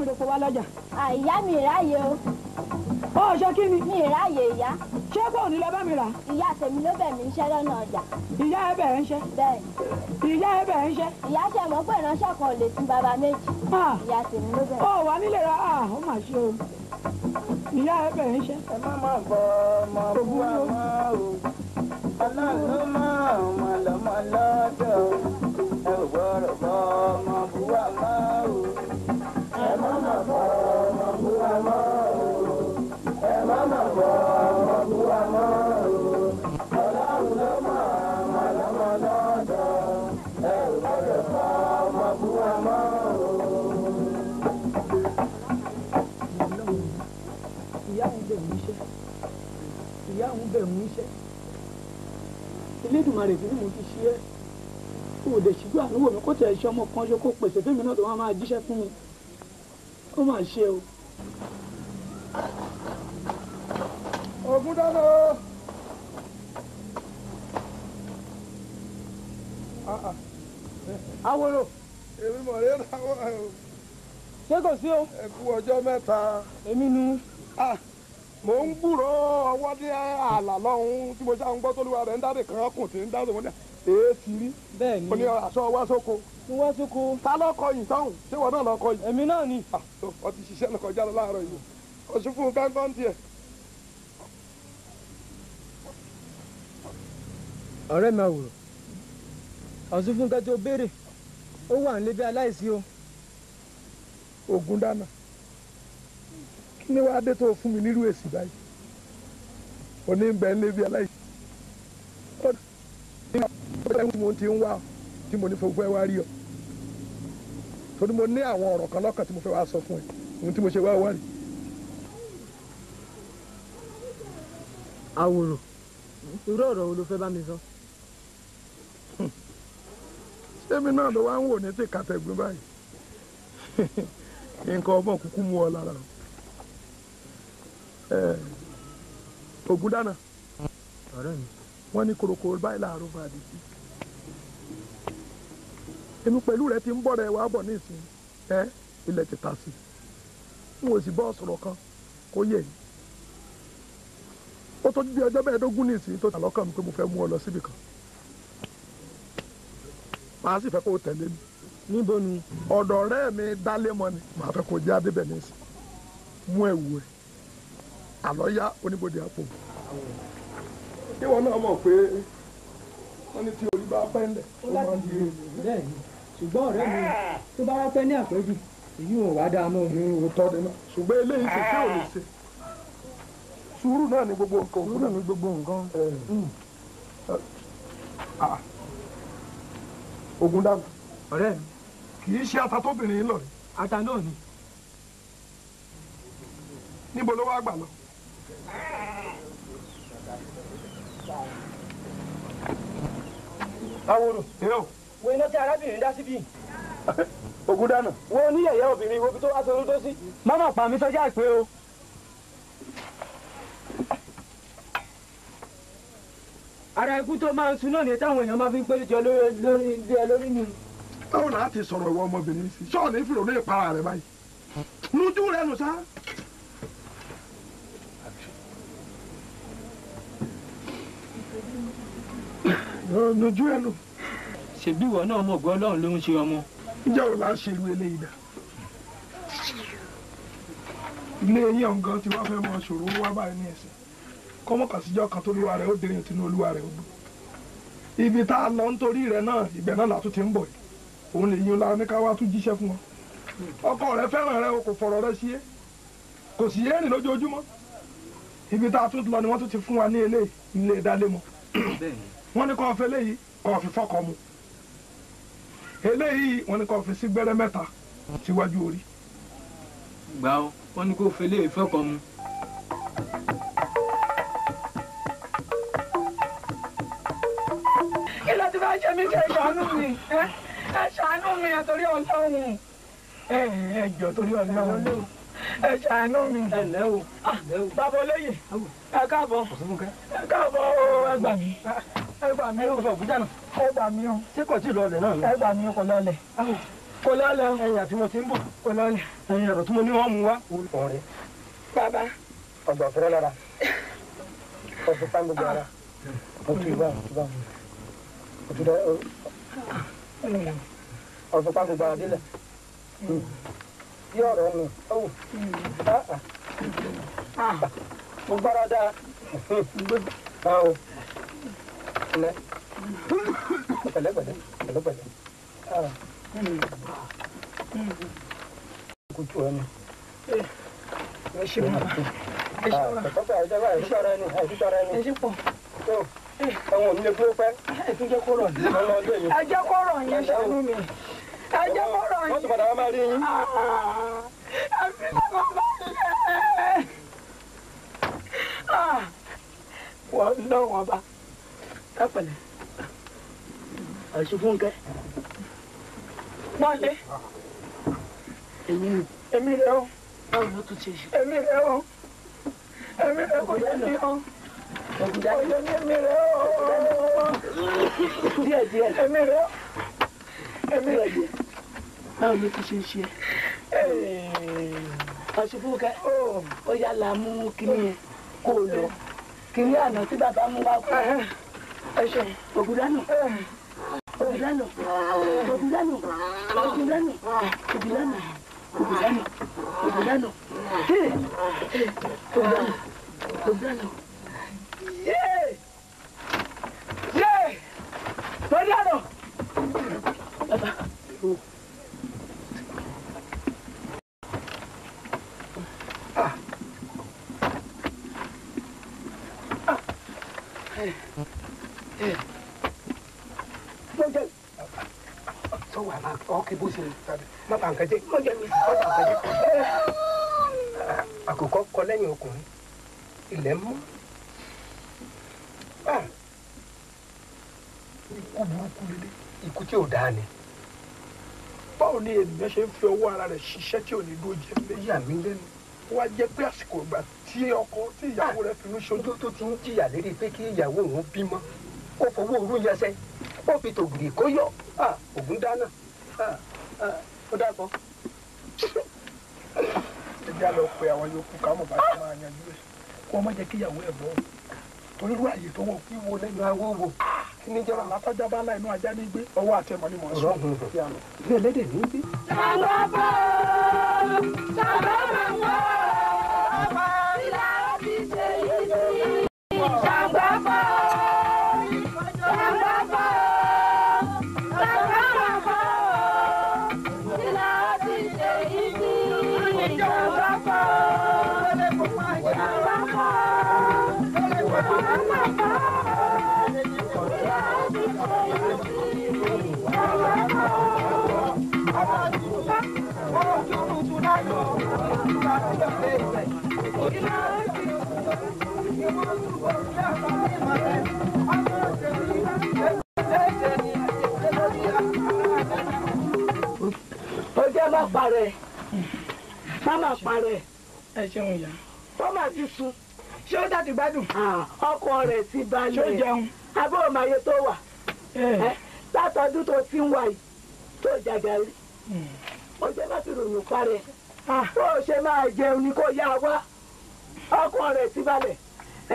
mi rèpo wá lọ́jà. àìyá mi ìráyè o. ó ṣe kí ni. mi ìráyè ìyá. ṣé kò ní lọ bá mi rà. ìyá tèmi ló bẹ̀ mí iṣẹ́ lọ́nà ọjà. ìyá ẹ bẹ̀ ń ṣe. bẹ́ẹ̀ ìyá ẹ bẹ̀ ń ṣe. ìyá ṣe mọ̀ pé ìránṣẹ́ kan ò lè sin bàbá méjì. ìyá tèmi ló bẹ̀. ó wà nílé ra ó mà ṣe o. ìyá ẹ bẹ̀ ń ṣe. ẹ má má bọ ọmọ bú àmọ́ o ọlọ́run ló má ọmọ lọ́mọ lọ́dọ̀ ẹ ò gbọ́dọ̀ bọ́ Elédùmarè kí ni mo fi ṣe é kó o dẹ̀ ṣíjú àánú wò mí kó tẹ̀ ṣe ọmọ kan ṣe kó pèsè fẹ́mi náà tó wọ́n máa jíṣẹ́ fún mi ó mà ṣe o. ogun dáná ah, ah. awolo èmi mọ̀ rí náà ṣé kò sí o. ẹ kú ọjọ́ mẹ́ta. èmi nu. ah. mo ń gbúrò ọwọ́ àlà mo ṣáà ń gbọ́ rẹ̀ ń dáre kan kùn tí ń dáre wọn ní èé rí ni ní aṣọ ta yìí tọ́hún ṣé wọn náà lọ́kọ yìí náà ni ọ ti ṣiṣẹ́ láàárọ̀ yìí fún tiẹ̀. ọ̀rẹ́ mi àwòrán tó béèrè ó o. ogun dáná. kí ni wàá dé tó fún mi nírú èsì báyìí òní ń bẹ ń lébi aláìsí ọ̀dọ̀ ní mo ti ń wá tí mo ní fẹ́ fẹ́ wá rí ọ torí mo ní àwọn ọ̀rọ̀ kan lọ́kàn tí mo fẹ́ wá sọ fún ẹ ohun tí mo ṣe wá wá rí. àwòrò irú ọ̀rọ̀ wo ló fẹ́ bá mi sọ. sẹ́mi náà ló wá ń wò ní tìkàtẹ̀gbìn báyìí nǹkan ọmọ kúkú mú ọ lára ògùn dáná ọ̀rẹ́ mi wọ́n ní korokò báyìí láàárọ̀ bá dé sí. pẹ̀lú rẹ ti ń bọ̀ rẹ wàá bọ̀ ní ìsìn ẹ ilẹ̀ ti ta sí n ò sì bọ́ sọ̀rọ̀ kan kó yẹ yìí ó tó bí ọjọ́ mẹ́ẹ̀ẹ́dógún ní tó ọ lọ síbì kan màá sì fẹ́ kó o tẹ̀lé mi níbo ni ọ̀dọ̀ ọ̀rẹ́ mi dálé mọ́ ni màá fẹ́ àlọ́ yá oníbodè àpò. ìwọ náà mọ̀ pé wọ́n ní tí orí bá pẹ́ ńlẹ̀ ó máa ń di bẹ́ẹ̀ ni ṣùgbọ́n ọ̀rẹ́ mi tó bá pẹ́ ní àpẹ́jù èyí ò wá dáa mọ́. ní òótọ́ ni náà ṣùgbọ́n eléyìí ṣe tí ò lè ṣe sùúrù náà ni gbogbo nǹkan sùúrù ni gbogbo nǹkan. ogun dàgbà. ọ̀rẹ́ mi. kì í ṣe ata tóbìnrin lọ rí. ata náà ni. níbo ló wá gbà lọ aworo yóò. wo iná tí arábìnrin dá síbí. ogun dáná. wo oníyẹ̀yẹ́ obìnrin wo bí tó wá sọ lótó sí. mọ́mọ́ pa mi sọ́jà pé o. ara ikú tó máa ń sun náà ni táwọn èèyàn máa fi ń pé jọ lórí ilé ẹ lórí ni. báwo la ti sọ̀rọ̀ ìwọ ọmọbìnrin sí sọ́ọ̀nì fìrò ní ìpara rẹ̀ báyìí lójú rẹ̀ nù sá. lójú ẹ nù. ṣèbí ìwọ náà mọ̀ gbọ́ ọlọ́run ló ń ṣe ọmọ. ìjà ò láá ṣe irú eléyìí dá ilé eyín tí wọ́n fẹ́ mọ ṣòro wá báyìí ní ẹ̀sìn kọ́mọkànsíjọ́ kan tó lúwa rẹ̀ ó dẹ̀yìn ní olúwa rẹ̀ ó ibi tá lọ nítorí rẹ̀ náà ìgbẹ́ náà ti ń bọ̀ òun lè yín lára ní ká wá tún jíṣẹ́ wọ́n ní kó fi eléyìí kó fi fọ́kọ mu eléyìí wọ́n ní kó fi sí gbẹ́rẹ́ mẹ́ta síwájú orí. gbà ó wọ́n ní kó fi eléyìí fọ́kọ mu. kí ló ti bá ṣe mí ṣe ìṣàánú mi ẹ ṣàánú mi ẹ torí ọlọ́run ẹ ẹ jọ torí ọlọ́run ẹ ṣàánú mi. ẹ lẹ́ o. bàbá olóyè ẹ káàbọ̀ ẹ káàbọ̀ ẹ gbà mí ẹ gbà mí o sọ Àbújá náà. ẹ gbà mí o. ṣé kò tí ì lọlẹ̀ náà ni. ẹ gbà mí o kò lọlẹ̀. kò lọlẹ̀ o. ẹ̀yìn àti mo ti ń bọ̀. kò lọlẹ̀. ẹ̀yìn ọ̀rọ̀ tí mo ní wọ́n mú wá. ọ̀rẹ́. bàbá. ọgbà fúnra lára. ọtí pàǹdù ah, ah. ah, gbára. ọtí ìwà ọtí bá wọn pẹ̀lẹ́ pẹ̀lẹ́ pẹ̀lẹ́ pẹ̀lẹ́ kutu ẹni ẹ ṣe mọ ẹ ṣe mọ pẹpẹ àwùjọ bá ẹ ṣọra ẹni ẹ ṣọra ẹni ẹ ṣe pọ tó ẹwọn mi lè dúró pẹ ẹ tún jẹ kó rọ ní ọlọdún yìí ẹ jẹ kó rọ yẹn ṣàánú mi ẹ jẹ kó rọ yẹn. wọ́n ti padà wá máa rí yín. àfi bàbá bá lẹ̀ wọ́n náà wọ́n bá ẹ pẹ̀lẹ́ àṣùfúnkẹ́ pọ́nlé èmi rẹ o èmi rẹ o èmi rẹ kò yẹ mi o kò yẹ mi èmi rẹ o díẹ̀ díẹ̀ èmi rẹ èmi rẹ díẹ̀ báwo ló ti ṣe ń ṣe àṣùfúnkẹ́ eh. oh. ó yà láàmú kínní kó o lọ kínní àná tí bàbá mú wá kú. Eh. Populano. Populano. Populano. Populano. Populano. Populano. Populano. Populano. nǹkan jẹ ó jẹ ó bà nǹkan jẹ àkùkọ kọ lẹ́yìn ọkùnrin ilẹ̀ mú ah. ikú burúkú lílé ikú tí ò dáa ni báwo ni ènìyàn ṣe ń fi ọwọ́ ara rẹ̀ ṣiṣẹ́ tí ò ní dúró jẹ́ méjì àmì lẹ́nu wá jẹ́ pé àsìkò ìgbà tí ọkọ tí ìyàwó rẹ̀ finú ṣojú tó ti ń jìyà lérí pé kí ìyàwó òun bímọ ó fowó orú yẹsẹ ó fi tògìrì kó yọ ah, ògùn dáná ah, ó dàgbọ́ ẹ jẹ́ àlọ́ pé àwọn yòókù ká mọ̀ bá ti máa yanjú rẹ̀ kó o má jẹ́ kíyàwó ẹ̀ bọ́ torí irú àyè tó wọ̀ kí wo lẹ́nu awó wò kí ni jẹ́ bàbá tọ́jà bá láì inú ajá ní gbé ọwọ́ àtẹmọ́ ni mò ń sọ bí ẹlẹ́dẹ̀ ní gbé. sàlọ́bà sàlọ́bà wọ́n ọba ìlà ti ṣe yìí sàgbà. ọjọ́ má parẹ́ má má parẹ́ ẹ ṣeun yá tọ́mà ti sun ṣé ó dàtí gbádùn. ọkọ rẹ̀ ti balẹ̀ ṣó jẹun abẹ́ òmàye tó wà látọdún tó ti ń wà yìí tó jàjàre ọjọ́ hmm. má fi ròyìn parẹ́ tó ah. ṣe máa jẹun ni kó yá wa ọkọ rẹ̀ ti balẹ̀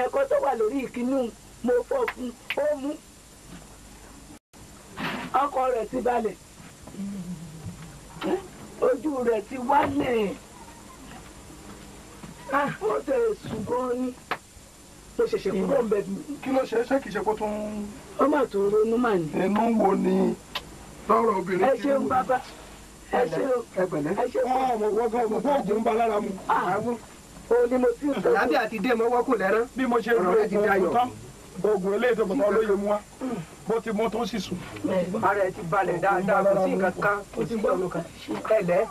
ẹ̀kọ́ tó wà lórí ìkínú mo fọ́ fún ó mú ọkọ rẹ̀ ti balẹ̀ ojú rẹ̀ ti wálẹ̀ ó tẹ̀ ṣùgbọ́n ní mo ṣẹ̀ṣẹ̀ kúrò ń bẹ̀ mí. kí ló ṣe é ṣé kì í ṣe kó tún. ó mà tó ronú mà ní. inú wo ni lọ́rọ̀ obìnrin ti wù. ẹ ṣeun bàbá ẹ ṣeun ẹ ṣeun. ọmọ wọgán ọmọ fún ń ba lára mu. Ah òun ni mo ti ń tọ́jú. àbí àti dé mo wọ́kùn lẹ́rán. bí mo ṣe rò ó ti dayọ̀ oògùn eléyìí tó bàbá olóye mu wa bó ti mú tó sì sùn. ara ẹ ti balẹ̀ dáadáa kò sí nǹkan kan kò sí ìgbọ̀nù kan ẹlẹ́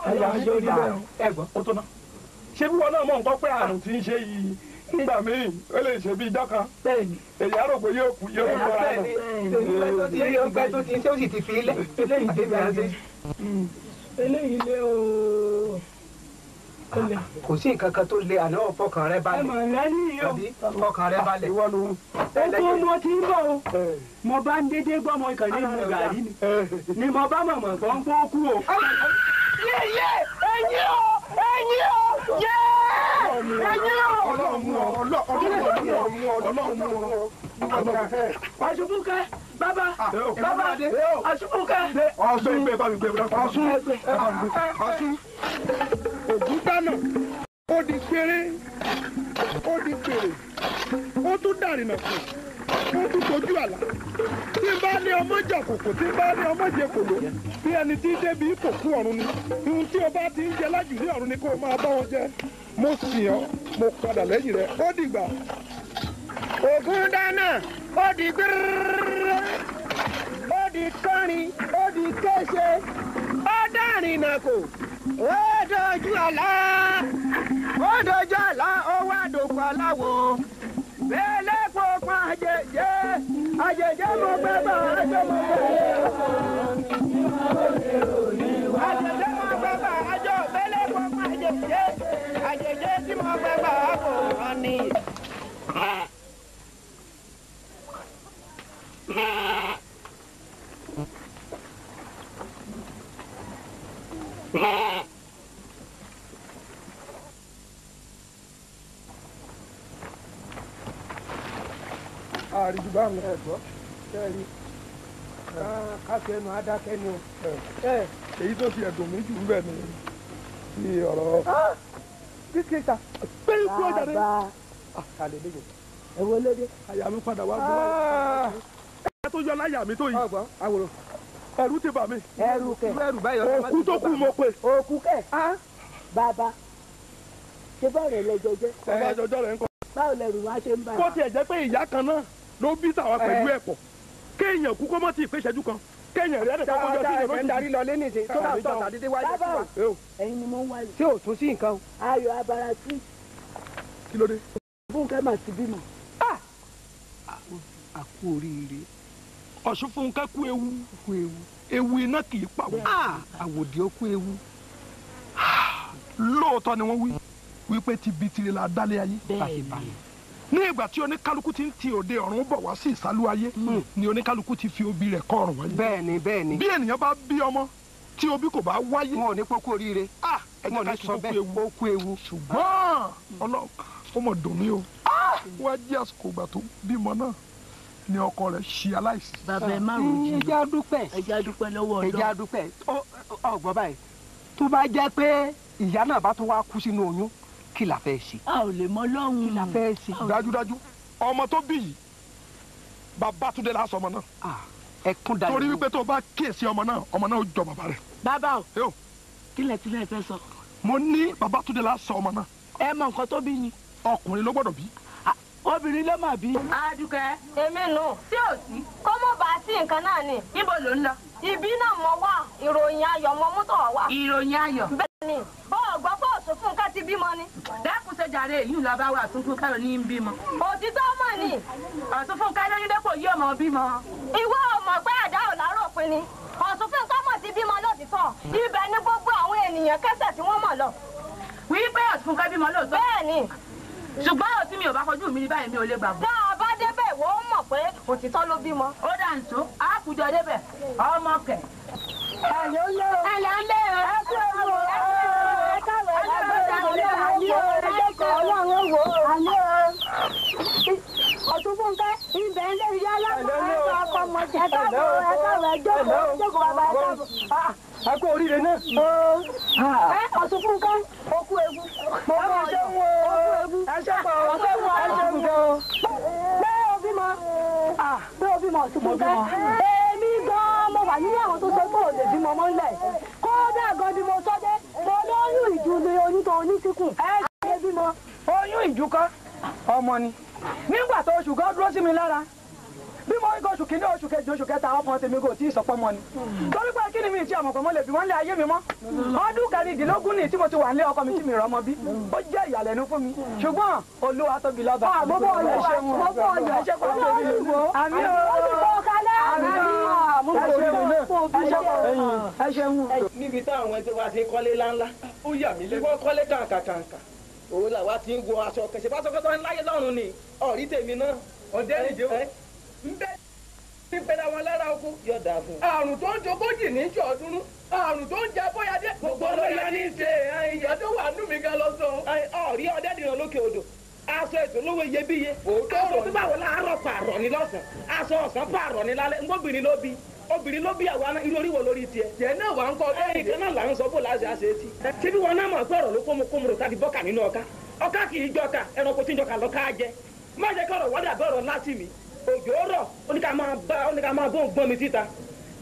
ẹgbọ́n. ó tó ná ṣé bí wọn náà mọ̀ nǹkan pé àrùn ti ń ṣe yìí nígbà míì ó lè ṣe bí ìjọ kan èyí àrò yóò kú yóò kú ara rẹ. èyí ọgbẹ́ tó ti ṣé ó sì ti fi ilé eléyìí lé o kò sí nǹkan kan tó le àná fọkàn rẹ balẹ̀. ẹ mọ̀ lẹ́nu yìí fọkàn rẹ balẹ̀. ìwọ ló ń. ogun mo ti ń bọ̀ o mo bá ń dédé gbọ́ mo kàn ní mu gàrí ni ni mo bá mọ̀mọ̀ gbọ́ ń gbó kú o. yéyé ẹyin o ẹyin o yé ẹyin o. ọlọ́run mú ọ ọlọ́run mú ọ ọlọ́run mú ọ àṣùbùkẹ́ bàbá ah, bàbá àṣùbùkẹ́. ọ̀sùn ìgbẹ́ bá mi gbé bàbá ọ̀sùn ọ̀sùn ògúngbànà ó di péré ó di péré ó tún dàrínà kù ó tún tójú àlá tí n bá ní ọmọ jà kòkò tí n bá ní ọmọ jẹ kòló bí ẹni tí débi kò kú ọ̀run ni ohun tí o bá ti ń jẹ lájù ní ni kó o máa bá wọn jẹ mo sì yàn mo padà lẹ́yìn rẹ ó dìgbà ògùn dáná ó di gbẹrẹrẹ ó di kọrin ó di kése ó dárin nà kò ó dojú àlá ó dojú àlá ó wá dòkú aláwo bẹ́ẹ̀ lẹ́kọ̀ọ́ pa àjẹjẹ àjẹjẹ mo gbẹ́ bá àjọ mo gbẹ́ àjẹjẹ mo gbẹ́ bá àjọ bẹ́ẹ̀ lẹ́kọ̀ọ́ pa ẹ̀gbọ́n mi ẹ̀gbọ́n sẹ́ẹ̀rì kásẹ̀nu adákẹ́ ni o. èyí tó ti ẹ̀dùn mi jù ń ni bí ọ̀rọ̀. Ah, kíkì ta pẹ́ẹ́lú kúrò jáde. kàlẹ́ lóye. ẹ wo lóde. àyà mi padà wá gbọ́. Ah. ẹ tó yọ láyà mi tó yìí. àwòrán. ẹ̀rù ti bà mí. ẹ̀rù kẹ òkú tó kù mo pè. òkú kẹ ah. bàbá ṣe bọ́ọ̀rẹ̀ lẹ́jọ́ jẹ́. báwo lẹ́rù wá ṣe ń bá a. kó tiẹ̀ jẹ́ pé ìyá kan náà ló bí tàwa pẹ̀lú ẹ̀pọ̀ kéèyàn kú kọ́mọ́ tí ìpè ìṣẹ́jú kan kéèyàn rẹ̀ ẹ̀dẹ̀kan kọjọ sí ìrọ̀lẹ́ ti darí lọ lẹ́nu ìṣe tó náà tọ̀ tàdédé wáyé sí wa. ẹ̀yin ni mo ń wáyé. ṣé o tún sí nǹkan o. ayọ̀ abara sí. kí ló dé. fúnkẹ́ mà ti bímọ. a kú oríire. ọ̀ṣun fúnkẹ́ kú ewu. kú ewu. ewu iná kì í pawọ́. àwòdì ó kú ewu. lóòótọ́ ni wọ́n wí wípé ti bi tiri la dálé ayé. bẹ́ẹ̀ ni ní ìgbà tí oníkálukú ti ń ti òde ọ̀run bọ̀ wá sí ìsálú ayé hmm. ni oníkálukú ti fi obì rẹ̀ kọ́ ọ̀run wáyé. bẹ́ẹ̀ni bẹ́ẹ̀ni. bí ènìyàn bá bí ọmọ tí obì kò bá wáyé. wọn ò ní pọ́kú oríire. ah ẹ̀jẹ̀ ká sọ bẹ́ẹ̀ ó kú ewu. ṣùgbọ́n ọlọ́run ó mọ̀ dùn mí o. wá jí àsìkò ìgbà tó bímọ náà ni ọkọ rẹ̀ ṣe aláìsí. bàbá ẹ má ah, ròjì. ẹjẹ́ adúpẹ́ ẹjẹ́ adúpẹ́ lọ́wọ́ ọlọ́run. ẹjẹ́ adúpẹ́ ọgbọ́n báyìí tó bá jẹ́ kí la fẹ́ ṣe. a ò lè mọ lọ́hùn. kí la fẹ́ ṣe. dájúdájú ọmọ tó bí yìí bàbá túndé la sọ ọmọ náà. ẹ kún dalẹ̀ torí wípé tó bá kíyèsí ọmọ náà ọmọ náà ó jọ bàbá rẹ. bàbá o kílẹ̀ tílẹ̀ fẹ́ sọ. mo ní bàbá túndé la sọ ọmọ náà. ẹ mọ nǹkan tó bí ni. ọkùnrin ló gbọ́dọ̀ bí. obìnrin ló mà bí. adùkẹ́ èmi nù tí ò sí kó mọ̀ bá sí nǹkan náà ni ibo ló ń lọ. ibi náà mo wà ìròyìn ayọ̀ mo mú wá. ìròyìn ayọ̀. bẹ́ẹ̀ ni ti bímọ ni. dẹ́kun ṣe jàre èyí ńlá bá wà tún fún káyọ̀ ní bímọ. òtítọ́ ọmọ ni ọ̀tún fún káyọ̀ ní dẹ́kun yí ọmọ bímọ. ìwọ ọmọ pé àdá ò lárò pin ni ọ̀tún fún kọ́mọ̀ ti bímọ lóòtítọ́ ibẹ̀ ni gbogbo àwọn ènìyàn kẹsẹ̀ tí wọ́n mọ̀ lọ. wí pé ọ̀tún fún ká bímọ lóòtọ́. bẹ́ẹ̀ ṣùgbọ́n òtí mi ò bá kojú mi báyìí mi ò lè gbàgbọ́. bá a bá débẹ̀ ìwọ ó mọ̀ pé òtítọ́ ló bímọ. ó dà ń tó àkùjọ débẹ̀ ọmọ kẹ̀. ẹ̀lẹ́ lé o ẹ̀lẹ́ lé o ẹ o ẹjọ́ kan ọlọ́run wò ó àmì o ọ̀túnfúnkẹ́ ibẹ̀ ń lé ìyá aláwọ̀ ẹ̀ka ọkọ̀ ọmọdé ẹ̀ka ọ̀rọ̀ ẹjọ́ kan ẹjọ́ kan bàbá ẹ̀ka a kó oríire náà. ẹ ọ̀tún fúnkẹ́ okú ewu. mo máa ṣe ń wo ẹṣẹ́pọ̀ ọ̀tún wo ẹṣẹ́ ń wo. bẹ́ẹ̀ o bímọ ah, bẹ́ẹ̀ o bímọ ọ̀tún fúnkẹ́. èmi gan-an mo wà nínú àwọn tó sọ pé òde bímọ mọ́lẹ̀ kódà gan-an ni mo sọ oyún ìjú ni oyún tó oníṣíkùn. ẹ ṣe bímọ oyún ìjú kan ọmọ ni nígbà tó oṣù dúró sí mi lára bí mo rí kó oṣù kìíní oṣù kẹjọ oṣù kẹta ọkàn tèmi kò tí ì sọpọ́ mọ́ ni. torí pé kí ni mi ti àmọ̀pọ̀ mo lè bí wọ́n lé ayé mi mọ́. ọdún kẹrìndínlógún ni tí mo ti wà nílé ọkọ mi tí mi rọ́mọ bí. ó jẹ́ ìyàlẹ́nu fún mi. ṣùgbọ́n olúwa tóbi lọ́ba. àbúrò ah, ọ̀yọ̀ ṣe wọn. àbúrò ọ̀yọ̀ ṣe kọ́ ló ń wò. àmì ó ẹ ṣeun. níbi táwọn ti wá sí kọ́lé láńlá ó yà mí lẹ́nu. wọ́n kọ́lé kàǹkàǹkà òun làwa ti ń wo aṣọ kẹsẹ̀ bá sọ pé sọ ń láyé lọ́rùn ni ọ̀rí tèmi náà ọ̀dẹ́rìndínlógún. bẹ́ẹ̀ ti bẹ̀rẹ̀ wọn lára oko. yóò dáa fún. àrùn tó ń jogójì ní jọ ọdúnrún àrùn tó ń jẹ bóyájẹ. gbogbo ló ní ṣe ìyá tó wà nù gan lọ sọ. ọ̀rí lókè odò aṣọ iyebíye báwo láàárọ̀ pààrọ̀ lọ́sàn aṣọ ọ̀sán pààrọ̀ lálẹ́ ló obìnrin ló bí àwa irú lórí náà wà ń kọ́ ọdún yìí. kanáà là ń sọ bó àṣẹ wọn náà òjò rọ̀ ó ní ká máa bá ó ní ká máa bó ń gbọ́n mi síta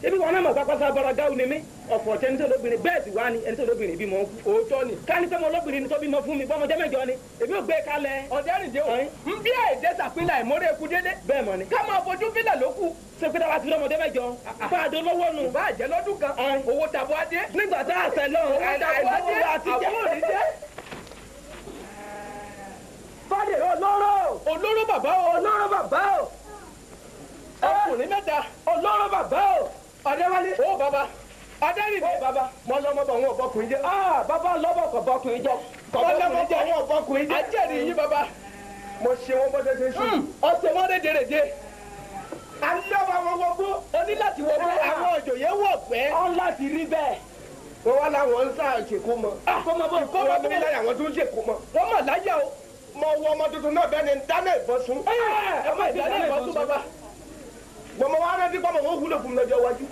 ebi wọn náà mọ̀ pápásá bọ́ra gáwù ni mí ọ̀fọ̀ tẹ ẹni tó lóbìnrin bẹ́ẹ̀ sì wá ni ẹni tó lóbìnrin bímọ òótọ́ ni ká ní sọmọ lóbìnrin ni tó bímọ fún mi bọ́mọdé mẹ́jọ ni èmi ò gbé kalẹ̀. ọ̀dẹ́ rìndé o ń bí èdè sàpínlẹ̀ àìmọ́rẹ́ eku dédé. bẹ́ẹ̀ mọ̀ ni. ká máa fojú fílẹ̀ ló kù. sèpétà wa ti lọ́mọdé mẹ́jọ. Ah, ah. bá a dé lọ́wọ́ nu. bá a jẹ́ lọ́dún kan. owó tabọ́ adé. nígbà tá a sẹ́ lọ́run. owó tabọ́ adé àbúrò ní jẹ́ fádé olóró. olóró bàbá o. olóró bàbá o ọkùnrin mẹ́ta ọlọ́rọ̀ bàbá o ọ̀dẹ́wálé o bàbá adẹ́rìnbí bàbá mọ lọ́mọ bọ̀ wọn ò bọkùnrin ah, jẹ bàbá lọ́bọ̀ kọ̀ bọkùnrin jẹ kọ̀ lọ́mọ bọ̀ wọn ò bọkùnrin jẹ ajẹ́rìí yín bàbá mo ṣe wọn bọ́dẹ̀ ṣe ṣe hmm. ọ̀sẹ̀ wọn rẹ̀ dèrè dé alọ́ba wọn wọgbó oní láti wọgbó eh, àwọn òjòyè wọ̀ pẹ́. ọ láti rí bẹ́ẹ̀. wọ́n wá láwọn ń sá ìṣèkó mọ́. àkómọ ah, bó kó láyà wọn tó ṣèkó mọ́. wọ́n mọ̀ láyà o. mo wọ ọmọ tuntun náà bẹ́ẹ̀ ni dáná ìbọn sun. Eh, ẹ ẹ ọmọ ìdáná ìbọn sun bàbá bọ̀mọ̀ wa rántí pọ̀ mọ̀ wọ́n wúlò fún mi lọ́jọ́ iwájú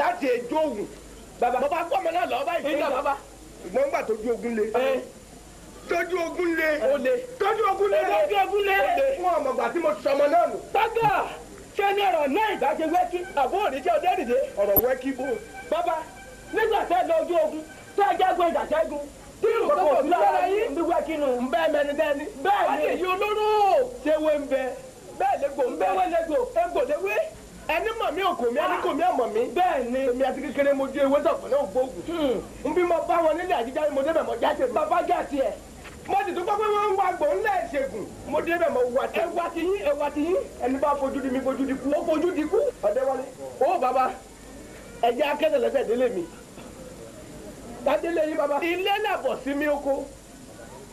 láti ẹjọ́ ògùn bàbá bàbá pọ̀ mọ́ náà lọ́ọ́ báyìí nígbà bàbá ìgbọ́n gbà tójú ogun le tójú ogun le tójú ogun le tójú ogun le fún ọmọ gbà tí mo sọmọ náà nù. bàbá ṣé ní ọ̀rọ̀ náà ìgbà ṣe wẹ́kí àbó òníṣẹ́ ọdẹ́rìndé. ọ̀rọ̀ wẹ́kí bó. bàbá nígbà tẹ́ lọ ojú ogun tẹ́ jágun ìdàṣẹ́gun tí ìrùkọ́kọ̀ òbí lára yín ń bẹ́ẹ̀ mẹ́ni bẹ́ẹ̀ ni. bẹ́ẹ̀ lego ń bẹ́ẹ̀ wẹ́ lego ego lewé ẹni mọ mí òkò mi ẹni kò mí ọmọ mi bẹ́ẹ̀ èmi àti kékeré mo ju ewé náà hmm. n bí mo bá wọn nílé àjíjá mo jáde bàbá mo wọn mo wà ẹwà ti yín ẹwà ti yín ẹni bá fojú di mi fojú di ó fojú di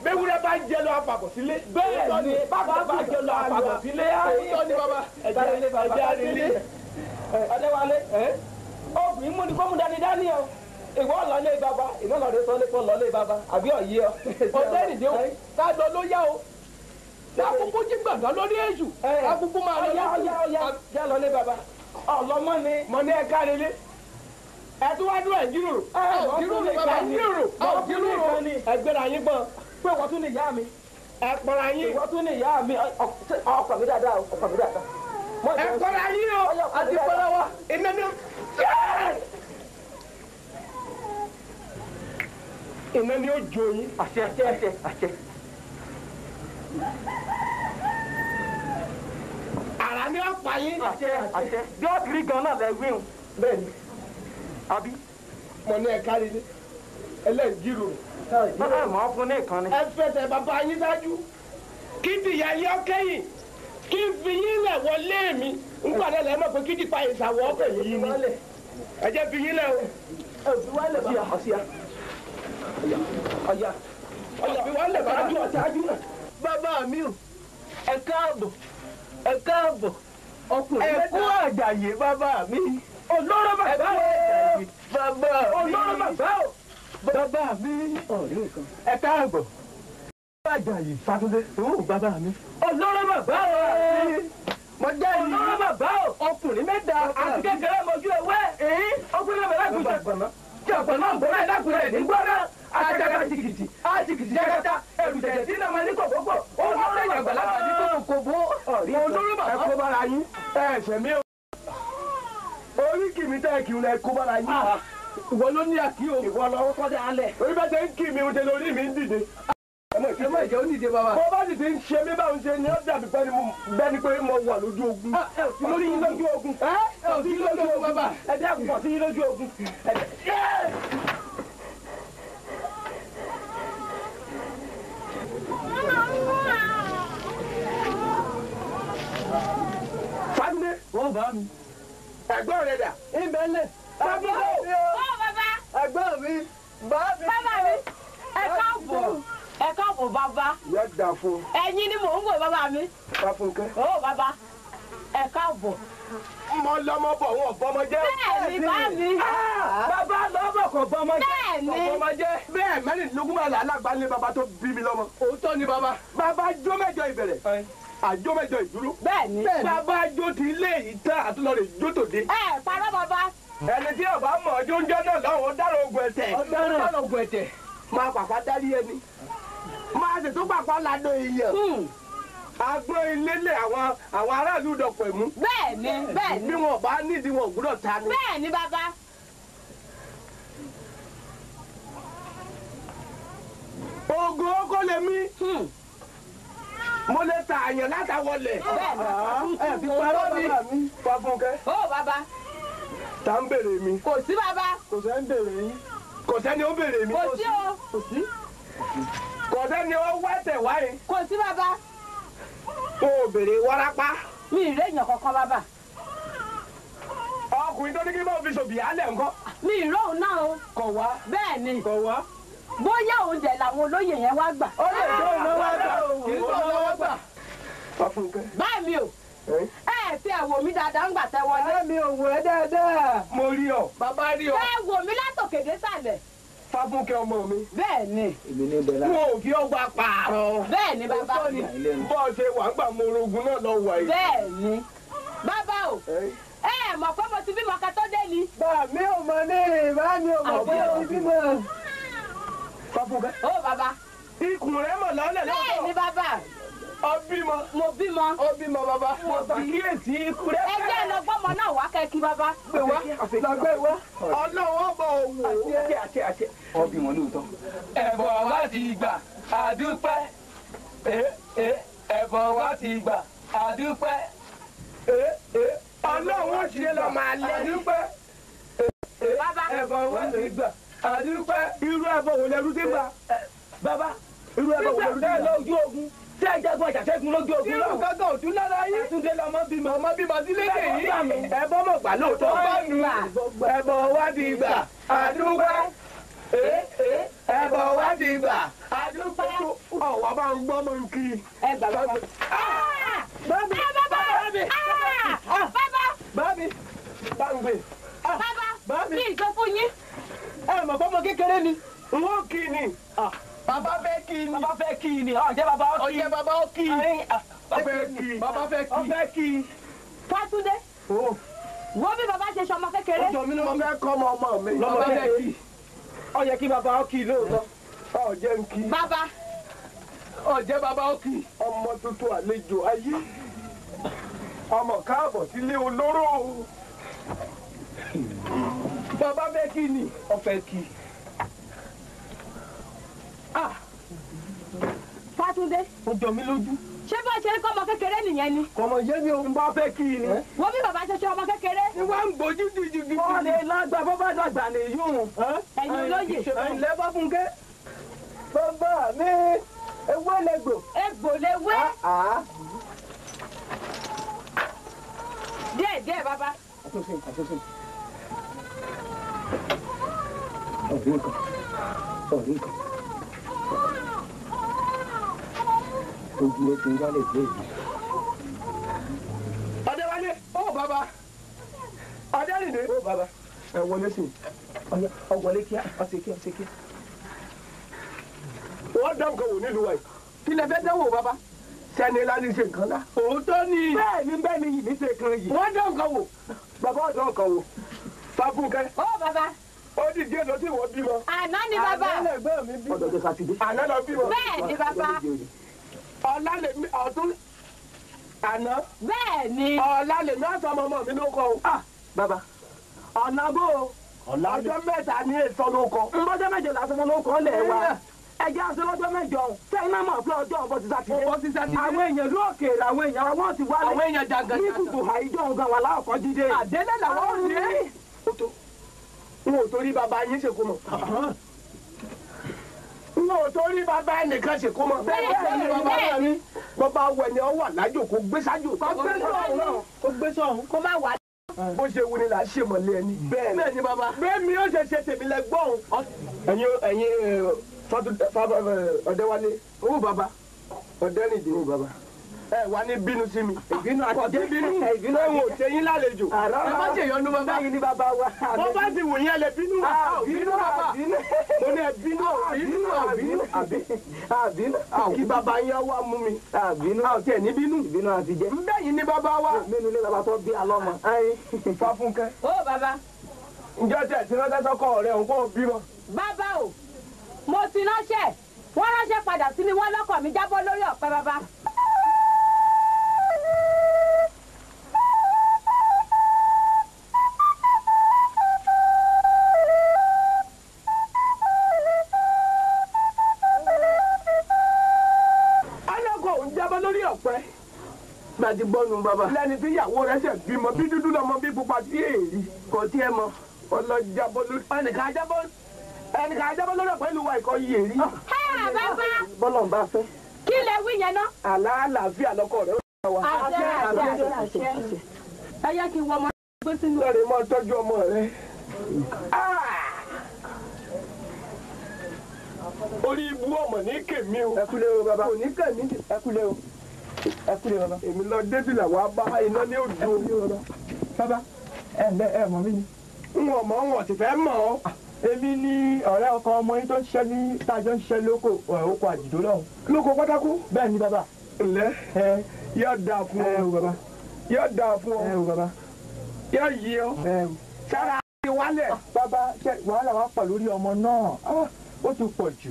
bẹ́wúrẹ́ bá jẹ lọ àpapọ̀ sílé. bẹ́ẹ̀ ni bàbá bá jẹ lọ àpapọ̀ sílé. ẹjọ́ ni bàbá ẹjọ́ ni bàbá ẹjọ́ ni ilé. ọ̀dẹ́wálé obìnrin mú ni kó mú dání dání o ìwọ ọ̀lọ́lé bàbá ìwọ ọ̀lọ́lé sọ́lé fún ọ̀lọ́lé bàbá àbí ọ̀yí ọ. ọ̀dẹ́ nìdí o ká lọ ló yá o lákòókò jí gbàgbọ́ lórí èjù lákòókò máa lọ lọ́wọ́ yá lọ́lé bàbá ọ̀lọ́mọ ni mọ̀ ní ẹ̀ka rẹ̀ ẹ̀ tó wá dúró ẹ̀ jíròrò ẹ̀ jíròrò ẹ̀ jíròrò ẹ̀ jíròrò ẹ̀ gbéra yín gbọ́n pé wọ́n tún ní ìyá mi. ẹ pọ̀ra yín. wọ́n tún ní ìyá mi ọkọ̀ mi dáadáa ọkọ̀ mi dáadáa. ẹ pọ̀ra yín o àti pọ̀ra iná ní. iná ní ó jó yín. àṣẹ àṣẹ àṣẹ àṣẹ. àrà ni ó pa yín. àṣẹ àṣẹ bí ó ti rí ganan lẹ wíwùn. bẹ́ẹ̀ni àbí. mo ní ẹ kárí ni ẹlẹ́ǹjíròrò. bàbá mọ̀ ọ́ fún ní ìkànnì. ẹ fẹsẹ̀ bàbá yín dájú kí dìyà yọ kẹ́yìn kí n fi yín lẹ̀ wọlé mi n gbàdá lẹ́ mọ̀ pé kí dìpa ìsàwọ̀ ọ̀pẹ̀ yìí ni ẹ jẹ́ fi yín lẹ̀ o. ẹ fi wá lẹ̀ bàbá ọ̀síà ọ̀yà ọ̀yà fi wá lẹ̀ bàbá ju ọ̀tí ajú náà. bàbá mi o ẹ káàbọ̀ ẹ káàbọ̀ ọkùnrin mẹ́ta ẹ kú àjàyè bàbá mi. olóró bàbá o bàbá mi bàbá o bàbá mi ọ̀rẹ́ kan ẹ káàbọ̀ bàjá yìí Fàtúndé òun bàbá mi. olóró bàbá o mo jẹ́ ìlú olóró bàbá o ọkùnrin mẹ́ta àti kékeré mojú ewé ọkùnrin mẹ́ta lágùn jẹ ọ̀pọ̀lọpọ̀ náà bọ̀rọ̀ ẹ̀dákùnrin ní gbọ́dọ̀ ajagba jìkìtì ajìkìtì jẹ́gẹ́ta ẹ̀rù jẹ̀jẹ̀ tí náà máa ní kòkókò òun náà lè yàgbà láti ní kòkókò ọ̀rí ẹ̀kọ́ bára yín ẹ̀ṣẹ̀ mi ò orí kìmí tẹ́ kí n lẹ kó bára yín. Ah ìwọ ló ní àkí o. ìwọ lọ kọ́ dá alẹ̀. orí bá ṣe ń kí mi oúnjẹ lórí mi ń dìde. ẹ má jẹ́ ó dìde bàbá. bó bá sì ń ṣe mí báwo ṣe ni ó dàbí bẹ́ni mo bẹ́ni pé mo wà lójú ogun. ẹ ò sí lójú ogun. ẹ ò sí lójú ogun bàbá. ẹ dẹ́ kò sí lójú ogun. Fábílẹ̀. Wọ́n bá mi. Ẹ̀gbọ́n rẹ̀ dà. Ìbẹ̀lẹ̀. Fábílẹ̀ ẹ̀gbọ́n mi bàbá mi ẹ káàbọ̀ ẹ káàbọ̀ bàbá. yẹ dà fún. ẹ̀yin ni mò ń wò bàbá mi. fàfúnkẹ́. ó bàbá ẹ káàbọ̀ mọ lọmọ bọ wọn bọmọ jẹ. bẹ́ẹ̀ni báàmì. bàbá lọmọ ah, kò bọmọ jẹ. bẹ́ẹ̀ni kò bọmọ jẹ. bẹ́ẹ̀ mẹ́rìndínlógún máa là alágbá ní bàbá tó bí mi lọ́mọ. òótọ́ ni bàbá. bàbá jó mẹ́jọ ìbẹ̀rẹ̀. àjó mẹ́jọ ìdúró. bẹ́ẹ̀ni bàbá jó ti ilé yìí tán àtúnlọ rẹ̀ jó tòde. ẹ parọ́ bàbá ẹni tí ọba mọ̀ ọdún jẹ́ náà lọ́wọ́ dárò ogun ẹ̀tẹ̀ dárò ogun ẹ̀tẹ̀ máa pàpà dárí ẹni máa sì tún pàpà ládò èèyàn hmm. agbó ilé lé àwọn àwọn aráàlú dọ̀pọ̀ ẹ̀mú. bẹ́ẹ̀ni bẹ́ẹ̀ni bí wọn bá nídìí wọn gbúdọ̀ ta ni. bẹ́ẹ̀ni bàbá. oògùn oko lè mí hmm. mo lè ta àyàn látàwọlẹ̀. bẹ́ẹ̀ni ẹ fi parọ́ mi. fọfúnkẹ́. o bàbá ta ń bèrè mi. kò sí bàbá. kò sẹ́ ń bèrè yín. kò sẹ́ni ó bèrè mi. kò sí o. kò sí. kò sẹ́ni ó wá tẹ̀ wá yín. kò sí bàbá. o ò bèrè wárápá. mi ì réèyàn kankan bàbá. ọkùnrin tó ní kí n bá fi ṣòbí àlẹ̀ ńkọ́. mi ì róhùn náà o. kò wá. bẹ́ẹ̀ ni. kò wá bóyá oúnjẹ làwọn olóyè yẹn wá gbà. ó lè tó iná wá gbà kì í tó iná wá gbà. báyìí mi o ẹ ẹ tí ẹ dáadáa ń gbà tẹ wọlé. ẹ mi ò wò ẹ́ dáadáa. mo rí ọ bàbá rí ọ. ẹ wò mí látòkè dé sàlẹ̀. ọmọ mi. bẹ́ẹ̀ni. èmi ní bẹlá. n ò kí ọgbà pààrọ̀. bẹ́ẹ̀ni bàbá mi. bọ́ọ̀ ṣe wà ń gbà mo rogun náà lọ wà yìí. bẹ́ẹ̀ni bàbá o ẹ mọ̀ pé mo ti bímọ kan tó dé ni. bá mi ò mọ ní rìn mi ò mọ pé o ti bímọ. fábúnkẹ́. ó bàbá. ikùn rẹ mọ̀ lọ́lẹ̀ lọ́tọ̀. bẹ́ẹ̀ni bàbá ọbímọ. mo bímọ. ọbímọ bàbá. mo kàkíyèsí ikú rẹ. ẹgbẹ́ lọ gbọ́mọ náà wá kẹ́kí bàbá. gbé wá lọgbẹ́ wá. ọlọ́wọ́ bọ̀ wò ó. àti àti àti. ọbímọ lóòótọ́. ẹ̀bọ̀ wá ti gbà àdúpẹ́. ẹ̀bọ̀ wá ti gbà àdúpẹ́. ọlọ́wọ́ ṣe lọ máa lẹ́. àdúpẹ́. ẹ̀bọ̀ wá ti gbà àdúpẹ́. irú ẹ̀bọ̀ wò lẹ́rú tí ń bá. bàbá irú ẹ̀bọ̀ wò lẹ́rú tí ń bá tẹ́ ẹ jagun àjàṣẹ́gun lójú ogun náà. irú kankan òtún lára yín. àtúndé lọmọ bímọ ọmọ bímọ sílé yìí. ẹbọ mọ̀ gbà lóòótọ́ ẹbọ wá di gbà àdúgbà ẹbọ wá di gbà àdúgbà. ọ̀wọ́ bá ń gbọ́ mọ́ ń kí. ẹ gbà bá mi. bábí bábí bábí bábí bábí bábí. bí ìjọ fún yín. ẹ mọ̀ fọ́mọ kékeré ni. n ó kí ni baba, fẹ́ kí ni. baba, fẹ́ kí ni ọ̀jẹ̀ bàbá ó kí. ọ̀jẹ̀ bàbá ó kí. baba, fẹ́ kí. ọ̀fẹ́ kí. Fátúndé. wo bí baba, ṣe ṣọmọ kékeré. ọjọ́ mi ni mo fẹ́ kọ́ ọmọ ọmọ mi. bàbá fẹ́ kí. ó yẹ kí bàbá ó kí lóòótọ́. ọ̀jẹ̀ ń kí. bàbá. ọ̀jẹ̀ baba, ó kí. ọmọ tuntun àlejò ayé. ọmọ káàbọ̀ sílé olóró. bàbá fẹ́ kí ni. ọ̀fẹ́ kí. Ah. Fátúndé. Ó jọ mí lójú. Ṣé bá ṣe rí kọ́mọ kékeré nìyẹn ni? Kọ̀mọ̀ yé mi ò ń bá fẹ́ kí i ni. Eh? Wo bí bàbá ṣe ṣe ọmọ kékeré. Ṣé wàá ń bójú gidigidi? Wọ́n lè lágbà bọ́bá dàgbà ní yóò. Eh? Ẹ̀yin olóye. Ẹ̀yin lẹ́bọ̀ fúnkẹ́. Bàbá mi ewé lẹ́gbò. Egbò lewé. Ah, ah. Díẹ̀ díẹ̀ bàbá. Àtúnṣe àtúnṣe. Ọ̀rí nǹkan. Ọ̀rí nǹkan ojú ẹ ti ń wálé ìlú èyí. ọ̀dẹ́wálé ó bàbá ọ̀dẹ́rìndé ó bàbá ẹ wọlé sí ọwọlé kíá ọ̀sẹ̀ kíá ọ̀sẹ̀ kíá. wọ́n dán nǹkan wò nílùú wa yìí kí lẹ fẹ́ dánwò bàbá sẹ́ni lálé ṣe nǹkan lá. òótọ́ ni. bẹ́ẹ̀ ni bẹ́ẹ̀ ni yìí ní ṣe kan yìí. wọ́n dán nǹkan wò bàbá ọ̀dọ́ nǹkan wò fàbùkẹ́. ó bàbá ó di díẹ̀ lọ sí ìwọ bímọ. àná ni bàbá ọ̀dọ̀ tó sátidé. àná lọ bímọ. bẹ́ẹ̀ ni bàbá. ọ̀la lè mi ọ̀tún àná. bẹ́ẹ̀ ni. ọ̀la lè mi ọ̀sán ọmọ mi ló kọ o. Ah, bàbá ọ̀nà bò ọjọ́ mẹ́ta ni èso ló kọ. nbọ́jọ́ mẹ́jọ làásùn ló kọ́ lẹ̀ wá ẹjẹ aṣọ lọ́jọ́ mẹ́jọ sẹ́yìn náà mọ̀ pé ọjọ́ ọ̀bọ ti sátidé. ọ̀bọ ti sátidé. àwọn èèyàn ló kèrè àwọn èèyàn àwọn ti wálé. àwọn èèyàn jàgàjà. ní kùtù àìjọ ọ̀gá wà láàkọ́ dídé. àdélé làwọn ò ní n ò torí bàbá yín ṣe kó mọ̀ n ò torí bàbá ẹnìkan ṣe kó mọ̀ bẹ́ẹ̀ ni bàbá rẹ̀ mi bàbá wẹ̀ ni ọ wà lájò kó gbé sájò kó gbé sọ̀hún kó gbé sọ̀hún kó má wà bó ṣe wuni là á ṣe mọ̀lẹ́ ẹni bẹ́ẹ̀ ni bàbá bẹ́ẹ̀ mi yóò ṣe ṣe tèmi lẹ gbọ́n ẹ̀yin ẹ̀yin eh, eh, eh, ọ̀dẹ́wálé owó bàbá ọ̀dẹ́rìndínlẹ́ bàbá ẹ wà ní bínú sí mi. ìbínú àtijọ́ ìbínú ìbínú ẹ̀wọ̀n òtẹ yín lálejò. àrọ́ ẹ má ṣe yọnu bàbá yìí ní bàbá wa. wọ́n bá ti wò yín ẹlẹ́ bínú. àbínú àbínú. mo ní ẹ bínú àbínú àbínú àbínú. kí bàbá yín wá mú mi. àbínú àti ẹ̀ ní bínú. ìbínú àtijọ́. ń bẹ́yìn ní bàbá wa. mẹ́nu ní bàbá tó bí alọ́mọ. fáfúnkẹ́. ó bàbá. ǹjọ́ tẹ̀ sí ránṣẹ́ sọ́kọ̀ rẹ̀ òun kò bímọ. bàbá o mo ti ránṣẹ́ wọ́n ránṣẹ́ padà sí mi wọ́n lọ́kọ̀ mi jábọ́ lórí ọ̀pẹ bàbá. a ti gbọ́nu bàbá. lẹ́ni tí ìyàwó rẹ̀ ṣẹ̀ bímọ bí dúdú lọ́mọ bí pupa tí èyí kò tiẹ̀ mọ ọlọ́jàbọ́ lórí. ẹnìkan ajábọ́ ẹnìkan ajábọ́ lórí ọ̀pẹ́ wa ìkọ́ yìí èyí. bọ́lọ̀ ń bá fẹ́. kí lẹ wí yẹn ná. àlá àlàáfíà lọkọ rẹ ó àṣẹ àṣẹ àṣẹ. ẹ yẹ kí n wọ ọmọ rẹ gbé sínú. lọ́ọ̀rẹ́ máa tọ́jú ọmọ rẹ orí ibú ọmọ ní ẹ kúlẹ̀ bàbá. èmi lọ débìlà wàá bá iná ní òdo. bàbá ẹ ǹlẹ́ ẹ mọ̀ mí ni. n ò mọ̀ wọn ti fẹ́ mọ̀ ọ́. Ah, èmi ni ọ̀rẹ́ ọkọ ọmọ yín tó ń ṣiṣẹ́ ní tájọ́ ń ṣiṣẹ́ lóko oko àjìdó lọ́hùn. lóko pátákó. bẹ́ẹ̀ ni bàbá. ǹlẹ́ yóò dáa fún ọ. ẹ o bàbá. yóò dáa fún ọ. ẹ o bàbá. yóò yí ọ. ẹ o. sára ti wálẹ̀. Ah, bàbá wàhálà wa pọ̀ lórí ọmọ náà. Ah, ó ti pọ̀ jù.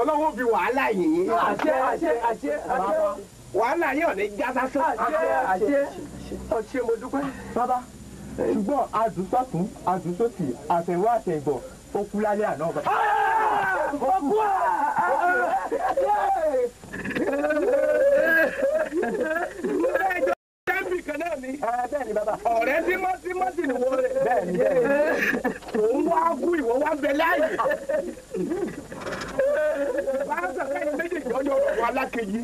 ọlọ́wọ́ bí wàhálà yìí. àṣẹ àṣẹ àṣẹ àṣẹ. wàhálà yìí ò ní já sásán. àṣẹ àṣẹ ọṣẹ mo dúpẹ́. bàbá ṣùgbọ́n adùnsọ́tún adùnsọ́tì àtẹ̀wá àtẹ̀gbọ̀ ó kú lálẹ́ àná. Ah! ó kú à. wí kan náà ni. Ah, bẹ́ẹ̀ ni bàbá. ọ̀rẹ́ tímọ́tímọ́tì ni wọ́n rẹ̀. bẹ́ẹ̀ ni bẹ́ẹ̀ ni. òun wá kú ìwọ wá bẹ láàyè. bàbá sọ̀rọ̀ méjèèjì ọjọ́ ọ̀rọ̀ alákejì.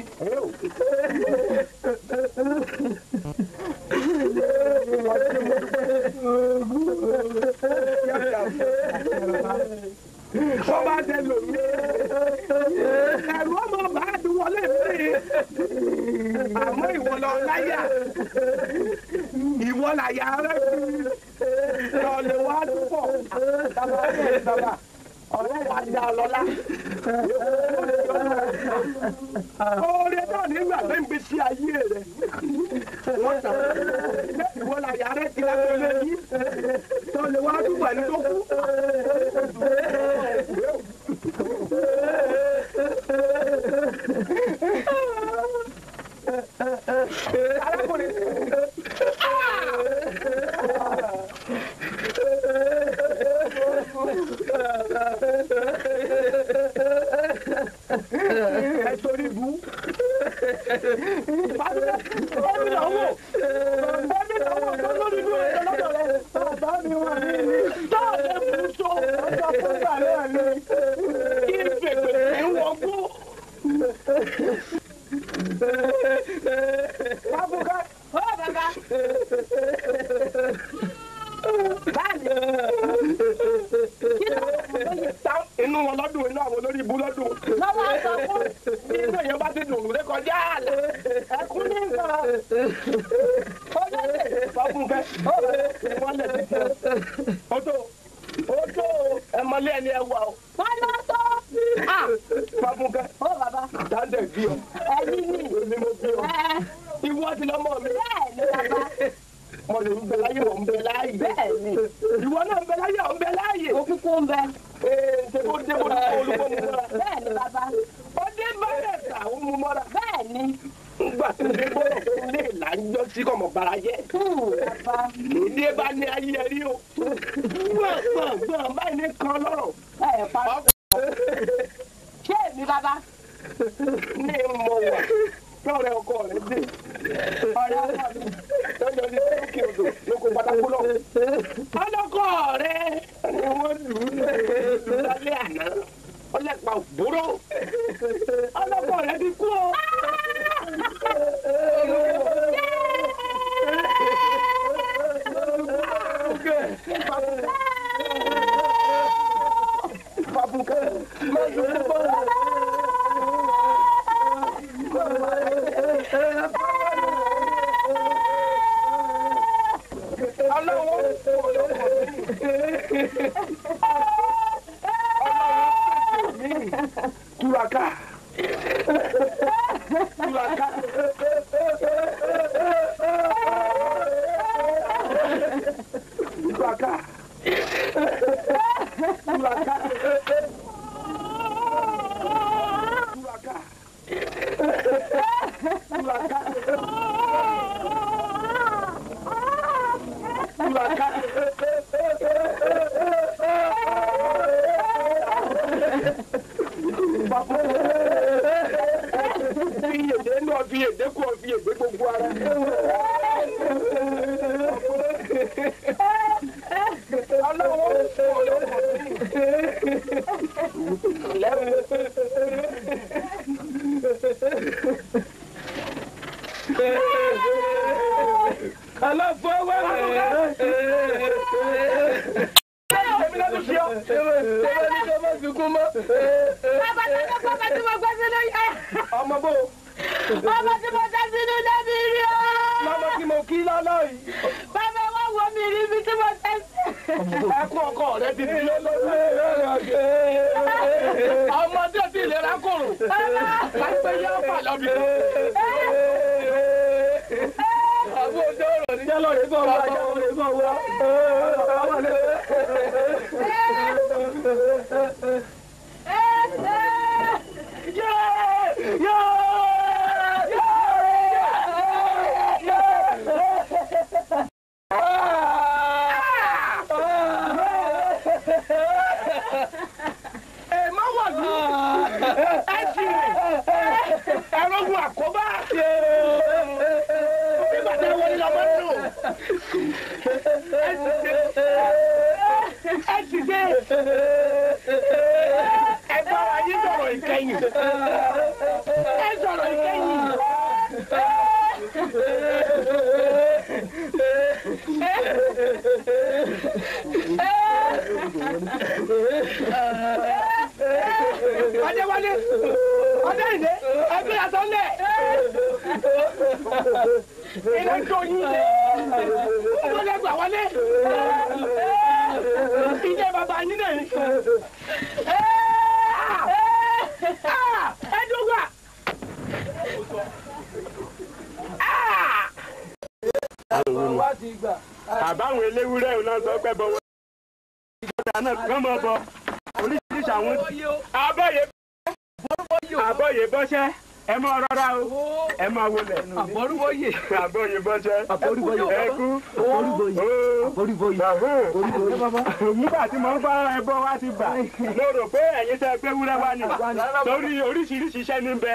ọba tẹ lòmí ẹ̀rọ àmọ́ ìwọ lọ láyà ìwọ làyà rẹ lọ lè wá túbọ̀ bàbá rẹ bàbá ọ̀rẹ́ wa dá ọ lọ́lá oore náà nígbà tó ń gbé sí ayé rẹ wọ́n sọ pé ìwọ làyà rẹ ti lágbo lẹ́yìn tó lè wá túbọ̀ ní tó kú. Oh, 사랑꾼이 달라고. ẹ sì ẹrọgùn àkóbá bí bàtà wọlé lọ máa ń lò ẹ sì dé ẹ bára yín sọ̀rọ̀ ìkẹyìn ẹ sọ̀rọ̀ ìkẹyìn. ọdẹ ọdẹ ìdè ẹgbẹ́ yàtọ̀ ńlẹ̀ ilé ń tó yín lé ó lè gbà wọlé ilé bàbá yín lè ẹ dùgbà. àbáwọn eléwúrẹ́ ò náà sọ pé bọ́wọ́ ìjọba náà kàn mọ́ bọ́ oríṣiríṣi àwọn abẹ́yẹ àbọ̀yè bọ́ṣẹ́ ẹ mọ rọra o ẹ mọ wọlé àbọrúbọyè àbọyèbọjẹ ẹkú àbọrúbọyè nígbà tí mo ń bá ẹbọ wá ti bà mo rò pé ẹ̀yin tẹ́ gbé wúrẹ́ wá ni torí oríṣiríṣi iṣẹ́ ní bẹ.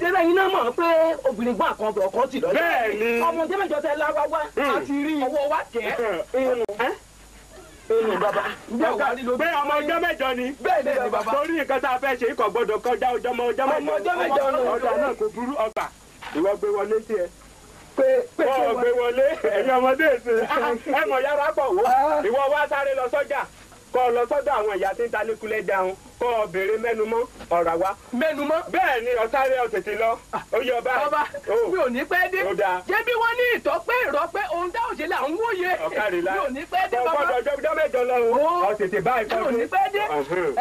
ṣẹlẹ̀ yín náà mọ̀ pé obìnrin gbọ́n àkànbọ ọkọ ti lọ. bẹ́ẹ̀ ni ọmọ jẹmẹjọ tẹ lára wá àti hmm. rí ọwọ́ wa tẹ ẹnu bàbá. pé ọmọ ọjọ́ mẹ́jọ ni. bẹ́ẹ̀ ni bàbá. torí nǹkan tá a fẹ́ ṣe ikọ̀ gbọ́dọ̀ kọjá ọjọ́ ọmọ ọjọ́ mẹ́jọ. ọmọ ọjọ́ mẹ́jọ ni. ọjà náà kò burú ọgbà ìwọ gbé wọlé sí ẹ pé pé ṣé wọn. ọ gbé wọlé ẹ̀yin ọmọdé ẹ̀sìn ẹ mọ̀ yàrá pọ̀ wò ah. ìwọ wá sáré lọ sọ́jà kọ́ ọ lọ sọ́dọ̀ àwọn ìyá tí ń talékulẹ̀ dáhùn kọ́ ọ béèrè mẹ́numọ́ ọ̀rà wa. mẹ́numọ́. bẹ́ẹ̀ ni ọ̀sáré ọ̀tètè lọ. oyè ọba. ọba mi ò ní pẹ́ dé. ó dáa. jẹ́ bí wọ́n ní ìtọ́ pé ìrọ́ pé ohun tá òṣè là ń wòye. ọ̀kadì la mi ò ní pẹ́ dé bàbá. ọ̀pọ̀ ọjọ́ ọjọ́ mẹ́jọ lọ o. ọ̀tètè báyìí kọ́ mi. mi ò ní pẹ́ dé.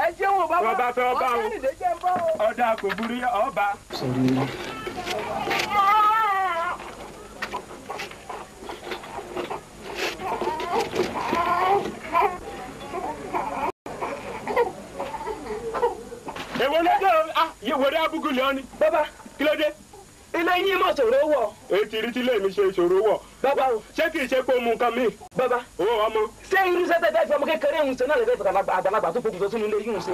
ẹ jẹun bàbá. bàbá fẹ́ ọba o. ọ̀dà kò burú ọba. sọ̀rọ̀ àwòrán abúgù lọ́ni. bàbá kí ló dé. ilé yín mọ̀ ṣòro wọ̀. èyí ti rí tí ilé mi ṣe ṣòro wọ̀. bàbá o. ṣé kì í ṣe pé o mu nǹkan mi. bàbá o ọmọ. ṣé irú sẹ́tẹ̀ bẹ́ẹ̀ fi ọmọ kékeré ń ṣe náà lè fẹ́ fẹ́ àgbàlagbà tó fokùn tó sínú ilé yìí ń ṣe.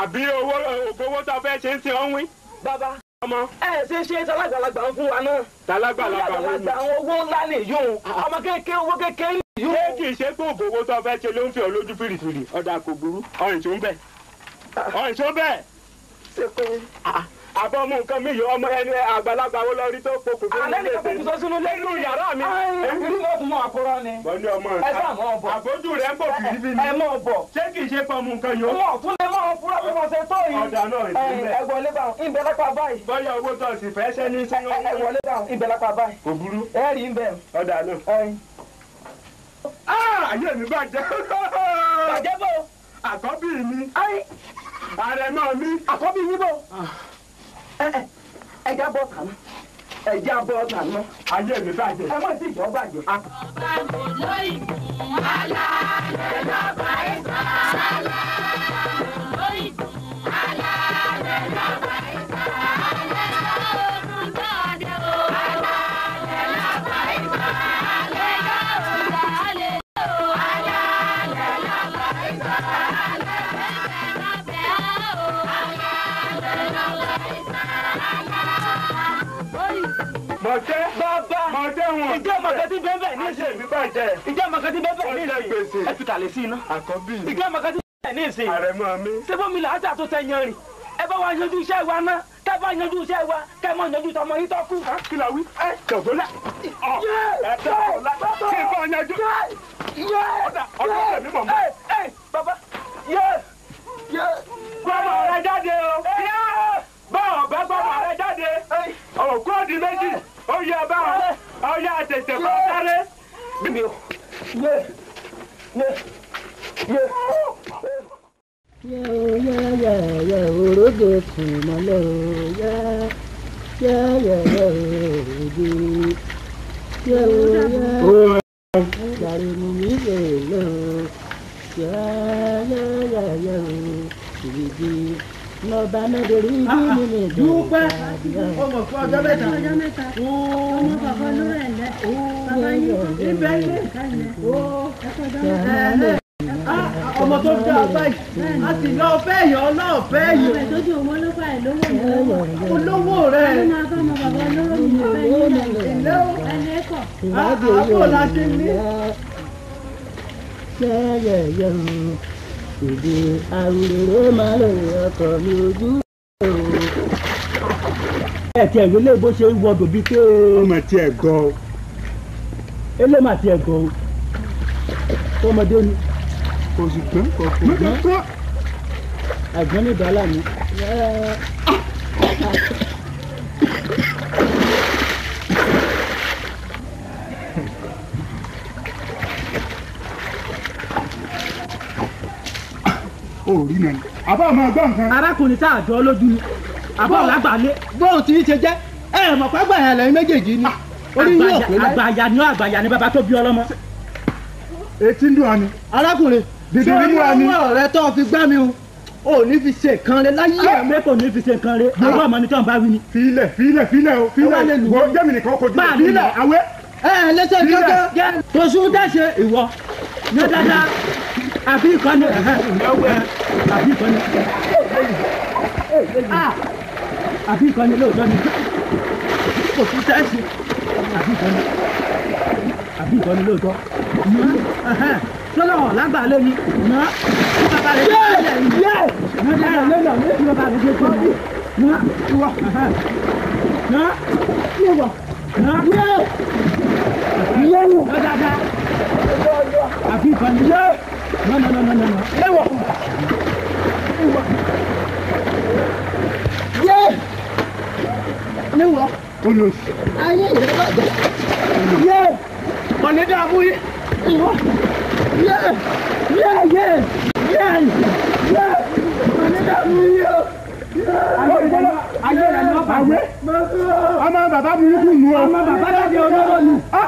àbí owó ògbówó tó fẹ́ ṣe ń ṣe ọ́n wín. bàbá ọmọ. ẹ ṣe ṣe talagbalagba ń fún wa náà. talagbalagba wo ni. owó ńlá ni yóò. Ah, ah. ọmọ kékeré owó kékeré ni yóò. ṣé kì í ṣe pé ògbówó tó fẹ́ ṣe ló ń fi ọ lójú fìrìfìrì ọ̀dà kò burú ọ̀rìn tó ń bẹ̀ ah. ọ̀rìn tó ń bẹ̀ ṣe pé àbọ̀ mú nǹkan mi yọ ọmọ ẹni àgbàlagbà wo lọ́rí tó pokùn tó nílé tèmi nínú yàrá mi. ẹ̀rú ló fún àkúrọ́ ni ẹ sá mọ́ ọ̀bọ̀ àgbójú rẹ̀ ń bọ̀ fìdí ni ẹ mọ́ ọ̀bọ̀ ṣé kì í ṣe pọ̀ mú nǹkan yọ. wọn tún lè mọ fúra bí wọn ṣe tó yìí ọ̀dà náà ìdílé ẹ wọlé bá ń bẹ lápá báyìí. bọ́yọ̀ owó tó sì fẹ́ ṣẹ́ ní sẹ́yìn owó. ẹ wọlé ń bẹ lápá báyìí. kò ẹ rí ń bẹ. ọ̀dà náà. Ah, ayé mi bàjẹ́. bàjẹ́ bò. àkọ́bí mi ààrẹ náà ní. àkọ́bí yín bò ẹja bọ̀ kàná ẹja bọ̀ kàná. ayé mi bàjẹ́. ẹ mọ̀ sí ìjọ bàjẹ́. ọba mi lóyún alálẹ̀ lọ́ba ẹ̀ka alálẹ̀ mọ̀tẹ́ bàbá mọ̀tẹ́ wọn. ìjẹ́ mọ̀kẹ́tì bẹ́ẹ̀ ní ìsìn. àṣẹ mi bàjẹ́. ìjẹ́ mọ̀kẹ́tì bẹ́ẹ̀ ní ìsìn. ọ̀tẹ́ gbèsè. ẹ fi tàlẹ́ sí iná. àkọ́bí. ìjẹ́ mọ̀kẹ́tì bẹ́ẹ̀ ní ìsìn. àrẹ̀mọ mi. sẹ́fọ́ mi là á jà tó tẹ yan rìn. ẹ bá wa yanjú iṣẹ́ wa ná tẹ bá yanjú iṣẹ́ wa kẹ mọ yanjú tọmọ yín tọ́kù. kí la wí. ẹ kẹ̀kọ́ la. ẹ kẹ̀kọ́ la. kí n bá yanjú. ọ̀dà ọ̀dà tẹ̀mí mọ̀ mọ́. bàbá yẹ yẹ. gbọ́mọ rẹ jáde o. bọ́ọ̀ bá gbọ́mọ rẹ jáde. òkú òdì méjì ó yá bá wọn ó yá tètè kọ́ sáré. yẹ o yẹ yẹ yẹ orógbè kù mọ́lẹ̀ o yẹ yẹ yẹ yẹ mu mi lè lọ yẹ yẹ yẹ yẹ orógbè lọ́ba lóde rí bí mi lè ah, ah. dé. ọmọ fún ọjọ́ mẹ́ta. ọjọ́ mẹ́ta ọmọ bàbá lórí ẹ̀ lẹ́ bàbá yìí ibẹ̀ ilé ìkàlẹ̀ ẹ̀ lẹ́ ah, ọmọ tó dá ọba yìí a sì lọ fẹ́ yọ náà fẹ́ yọ. ọmọ ìtọ́jú ọmọ ọlọ́pàá ẹ̀ lówó rẹ̀. olówó rẹ̀. ọmọ náà ọmọ bàbá olóró mi fẹ́ yín náà. ìlẹ́ o ẹ̀lẹ́ kọ̀. àbò la ti ní èdè àwòrán máa lè ọkọ mi ojú ẹ tiẹ̀ ló lé bó ṣe ń wọ dòbí pé. ọmọ tiẹ̀ gọ. elé mà tiẹ̀ gọ o ọmọdé ni. kò sì gbọ́n kò kò gbọ́n. àgbọn ní bàálà mi. Ah! Ah! òòrí nà ní. àbá ọmọ ọgbọ́n nǹkan. arákùnrin tá a jọ lójú ni àbá ọ̀làgbàlẹ̀. bóun ti ṣe jẹ́ ẹ ẹ̀ mọ̀ pé àgbà yẹn lẹ́yìn méjèèjì ni. Ah, àgbàyà ni àgbàyà ni bàbá tó bí ọlọ́mọ. etí ń dùn ọ ni. arákùnrin dìde nínú ọ ni. sọ ìwọ rẹ tó fi gbá mi o o ní fi ṣe nǹkan rẹ láyé. Ah! àwọn ẹ̀kọ́ ní fi ṣe nǹkan rẹ àwọn ọmọ nítorí bá wí ni. filẹ filẹ filẹ o filẹ wọ jẹmi nìkan kojú rẹ filẹ awẹ. ẹ ẹ lẹsẹ jọjọ tó sún dáṣe ìwọ ní dáadáa àfi kan ní àfi kan ní ah! àfi kan ní lóòótọ́ ni kò tún tẹ́sí àfi kan ní àfi kan ní lóòótọ́ sọlọ́wọ́ lágbà ló ní ná kí bàbá rẹ̀ ṣe ṣẹlẹ̀ yìí ná dára lọ́nà ló ti bàbá rẹ̀ ṣe ṣe ṣe ná wọ ná yé wọ ná yé yé wọ dáadáa àfi kan ní yé. No, no, no, no, no, no. Hey, what? Yeah. No, what? Oh, no. Ah, yeah, yeah. Yeah. Money down, boy. Yeah. Yeah, yeah. Yeah. Yeah. Money down, boy. Yeah ayé rẹ̀ ni wọ́n bá ọmọ bàbá burúkú nù ọ. ọmọ bàbá jáde olóró nù. ọ wọ́n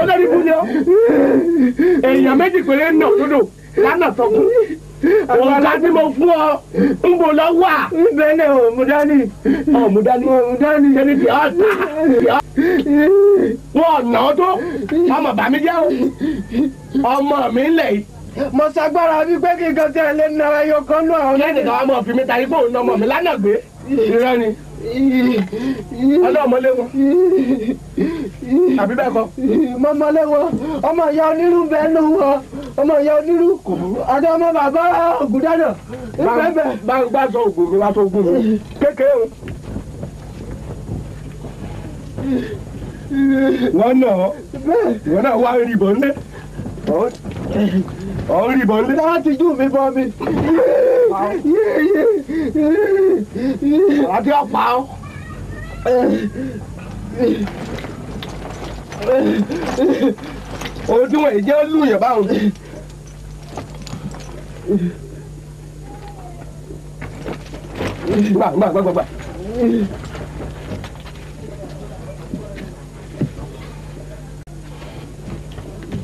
olórí ibú ni ọ èèyàn méjì péré ń nà òdodo lánà tọkùn òun ká tí mo fún ọ ń bò lọ wà. bẹ́ẹ̀ni o mo dání. ọ mo dání. mo dání. sẹ́ni tí ọ ta wọn ọ̀nà tó ọmọ bàmí jẹ́ ọmọ mi lẹ̀ yìí mo ṣagbára wípé kí n kan tí ẹ lé nara yọ kan náà. kí ẹnìkan wa mọ̀ fi mi ta ikú òun náà mọ̀ mi lánàá gbé. irọ́ ni ọlọ́mọlé wọn àbí bẹ́ẹ̀ kọ́. mọ́mọ́lé wọn ọmọ ìyá onírú bẹ́ẹ̀ nù wọn ọmọ ìyá onírú àti ọmọ bàbá ògùdánà bẹ́ẹ̀ bá sọ ògùn mi bá sọ ògùn mi kékeré o. wọ́n nà ọ́ wọ́n nà wá rìbọn lé ọ̀rí bọ̀ mi láti dùn mí bọ́ mi. àti ọ̀pá ọ́. ohun tí wọ́n yìí jẹ́ lùyàn báwọn. gbà gbà gbà gbà gbà.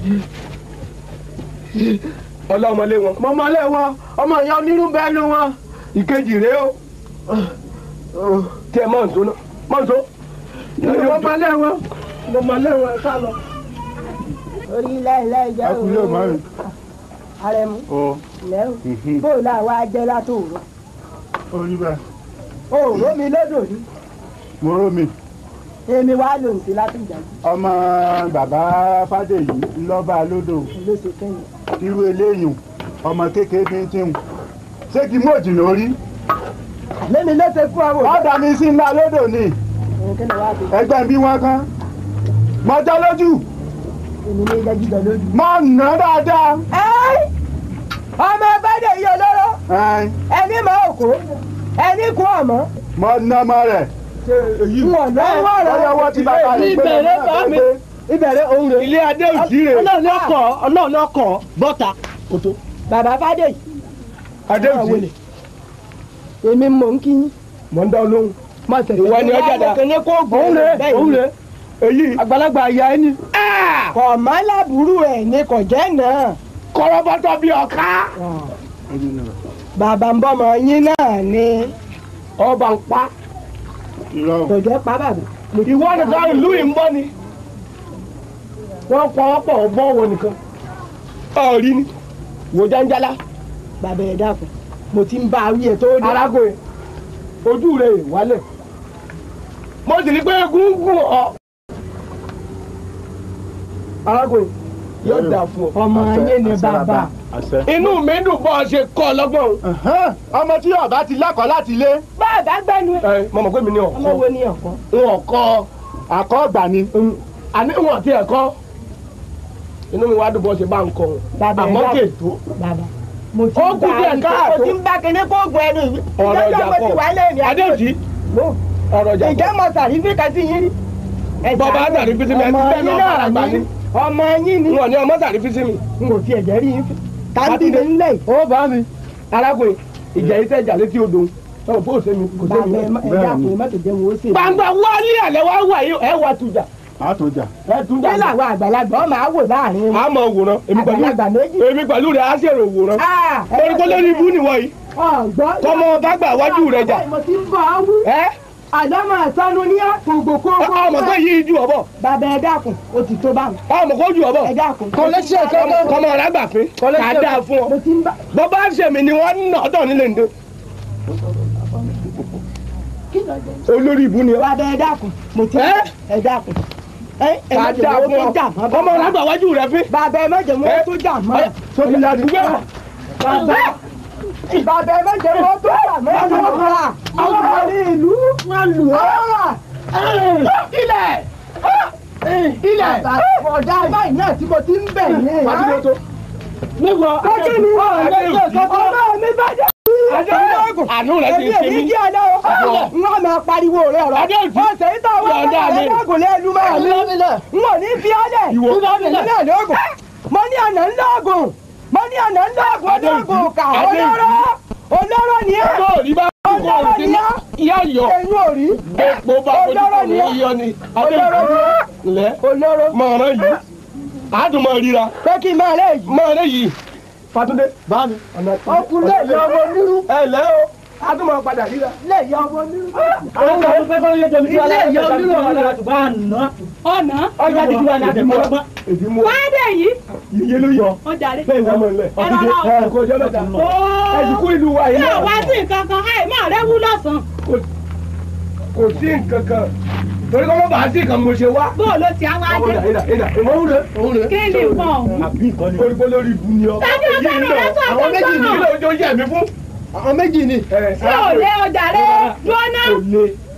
Yeah ọlá ọmọlé wọn mọmọlé wọn ọmọ ìyá onírúbẹ́nu wọn ìkejì rèé o tiẹ̀ mọ̀ nsọ náà mọ̀ nsọ. mọmọlé wọn mọmọlé wọn sá lọ. orí láìláì jẹ́ òru arẹmu lẹ́wọ̀ bóun náà wá jẹ́ látòrò. orí bá. òòró mi lọ́dọ̀ ni. mo rò mi èmi wá lò ń ṣe láti ìjà yìí. ọmọ bàbá fàdèyí lọ́ba lódò irú eléyìn ọmọ kékeré fi ń tíhun ṣé kí mò jìnnà orí. lẹ́mi lẹ́sẹ̀ fún àwọn. ọ̀dà mi sí ńlá lódò ni ẹgbẹ́ bí wọ́n kán mọ dá lójú mọ nà dáadáa. ọmọ bàdèyí olóró ẹni mọ òkú ẹni kú ọmọ. mọ nà ọmọ rẹ̀ ṣe èyí. wọn náà wà rẹ ọyọwọ ti bàbá rẹ pé ìbẹ̀rẹ̀ bá mi ìbẹ̀rẹ̀ òun rè. ilé adé òjì rè. ọlọ́run náà kọ̀ ọlọ́run náà kọ̀ bọ́ta kòtó. bàbá fàdé. adé òjì. èmi mò ń kí yín. mò ń dá olóhùn. má tẹ̀lé ìwọ ni ọjà dá. òun rè òun rè èyí àgbàlagbà àyà ẹ ni. Ah! kọ̀ má lábúrú ẹ̀ ni kò jẹ́ náà. kọ́rọ́bọ́tọ̀ bí ọ̀ká. bàbá ń bọ́ mọ́ yín náà ni. ọba ń pa tọ̀jọ́ pa bàbá. ìwọ nìkan ìlú yìí ń bọ́ ni wọ́n pa ọ́ pọ̀ bọ́ wọ nìkan ọ̀rí ni wò jáńjálá. bàbá ẹ̀ dàpọ̀ mo ti ń bá a wí ẹ̀ tó dé. arágò yẹn ojú rẹ̀ wálẹ̀ mo sì rí pé egungun ọ̀ arágò yẹn yóò dà fún ọ. ọmọ ayé ni bàbá inú mi dùn bọ́ ọ ṣe kọ́ ọ lọ́gbọ́n. ọmọ tí yóò bá ti lẹ́kọ̀ọ́ láti ilé. báyọ̀ bá gbẹ́nu. mọ̀mọ́ pé mi ní ọkọ. ọmọ wo ni ọkọ. n ọkọ àkọ́gbà ni. Mm. àní n ọ̀tí ẹ̀kọ́ inú mi wá dùn bọ́ ọ ṣe bá ń kọ ọ. àmọ́ kè tó. bàbá mo ti ń bá ti ń bá kinní kó gun ẹnu yìí. ọ̀rọ̀ ìjà kọ́ adéòjì ọ̀rọ̀ ìjà kọ́. ǹjẹ́ mo sàrí fíkà sí ọmọ yín ni. n ò ní ọmọ sàrífísì mi. n kò tiẹ̀ jẹ́ rí yín. tàbílẹ̀ ńlẹ̀ yìí. ó bá mi. arákùnrin ìjà yìí tẹ̀ jàlé tí o dùn. ọ̀ bó o ṣe mi kò ṣe mi. bàbá ẹ̀ má tó jẹ́ wo ṣe. gbàngbà wọlé àlẹ́ wa wà yìí ẹ̀ wà tùjà. a tó jà. ẹ tún jà. nílà àwọn àgbàlagbà ọmọ àwò láàrin. a mọ òwòrán èmi pẹ̀lú èmi pẹ̀lú rẹ̀ á ṣèrò òwòrán. Ah, orúkọ lórí ibú nìwọ yìí. ọ̀gbọ́n. kọ́mọ bá gbà wájú rẹ̀ jà. ẹ àdámọ̀ àsánú ní àpògbò kó kó. ọmọ kò yí ju ọbọ. bàbá ẹ dákun o ti tó báwọn. ọmọ kò ju ọbọ. ẹ dákun. kọlẹsẹ kọmọ kọmọ rà gbà pé kà dáa fún ọ. bọ́bá ṣèmi ni wọ́n nà ọ́dọ̀ nílé ǹdẹ. olórí ibu ni ọ. bàbá ẹ dákun mo ti ẹ dákun. kà dáa fún ọ ọmọ rà gbà wájú rẹ fi. bàbá ẹ má jẹ́ wọ́n tó jà mọ́. sọ́kìlà ìbàdàn ẹ méje mọ́ tó rà méje mọ́ tó rà àwọn ọmọdé ìlú wọn lù ọ́ ilẹ̀ ilẹ̀ ọ̀dà báyìí náà tí mo ti ń bẹ̀ yẹn. nígbà ọjọ́ mi ọ̀rẹ́ mi bá jẹ́ àánú rẹ ti ṣe mí. èmi yíyá náà pariwo rẹ ọ̀rọ̀. ọ̀sẹ̀ yìí tó wọ́n bá ẹ̀ lọ́gùn lẹ́nu máa mi. n ò ní fi ọ́lẹ̀. ìwọ náà lọ́gùn. mo ní ọ̀nà ńlọ́gùn ó ní ọ̀nà ń dàgbò dàgbò kà olóró olóró ni ẹ e. olóró ni ẹ e. ìyá yọ ẹyin ò rí olóró ni e. ẹ olóró ni ẹ olóró mọ̀ọ́rán yìí àádùn máa ríra pé kí máa rẹ yìí máa rẹ yìí Fàtúndé bá mi ọkùnrin ẹ̀ lọ́wọ́ nírú ẹ̀ lẹ́ o a tún máa padà ríra. ilé ìyá ọmọ nílùú. Ah! àwọn ọmọ pẹ́ kọ́ ló yẹ jẹun sí ọlá. ilé ìyá ọmọ nílùú ọ̀nà àtùbọ̀ àná. ọ̀nà ọjà dídí wa náà tẹ̀mọ́ ọgbọ́n. èdìmọ̀ wáyé yìí. iye ló yọ. ó jàre. bẹ́ẹ̀ ni ọmọ ilẹ̀ ọ̀dídé ẹ̀kọ́ ọjọ́ lọ́jà. ẹ̀sìnkú ìlú wa yìí. yóò wá sí nǹkan kan ẹ̀ máa rẹ́ wú lọ́sàn-án. kò sí nǹkan kan torí kọ́ mọ́ bá sí kan mo ṣe wá. bóò ló ti àwọn ajé. ìdá ìdá ìmọ̀ òun rẹ̀ òun rẹ̀. kí ni ìmọ̀ òun. àbí ìkọ́ni. orí kó lórí ibu ni ọ. tani ọ̀sán rẹ̀ sọ̀tún sọ̀nà. àwọn méjì ìdílé ojú yẹ̀ mí fún àwọn méjì ni. ṣé ò lé ọjà rẹ dúọ́nà.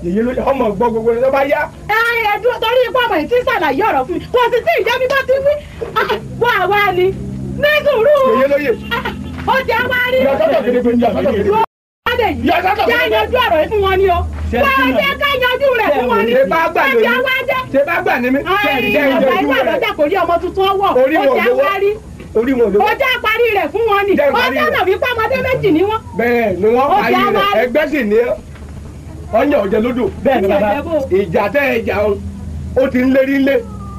èyí ló yẹ ọmọ gbọ́ gbogbo rẹ tó bá yá. ẹ ẹ dúró torí ipò ọmọ yìí ti ṣàlàyé ọ̀rọ̀ fún mi kò sì tí ìjẹ́bí bá ti wí. wá wá ni ní sùúrù. èyí ló yẹ. ó jẹ́ wá rí. yàtọ̀ kẹ́lẹ́gbẹ́ ni yàtọ̀ kẹ́lẹ́gbẹ́ jáde yìí jẹ́ yanjú ọ̀rọ̀ yìí fún wọn ni o wọ́n jẹ́ ká yanjú rẹ̀ fún wọn ni ẹ̀jẹ̀ wá jẹ́ ṣe bá gbà ní mi. ọ̀rẹ́ ìyàwó ìwà lọ́jà kò rí ọmọ tuntun ọwọ́ ó jẹ́ wá rí orí wọn ló. ọjà parí rẹ̀ fún wọn ni ọjà náà fi pàmòdé méjì ni wọn. bẹ́ẹ̀ ni wọn parí rẹ̀ ẹgbẹ́ sì ní ọyàn ọjẹ lódò. bẹ́ẹ̀ bàbá ìjà tẹ ẹjà o ti ń lérí lé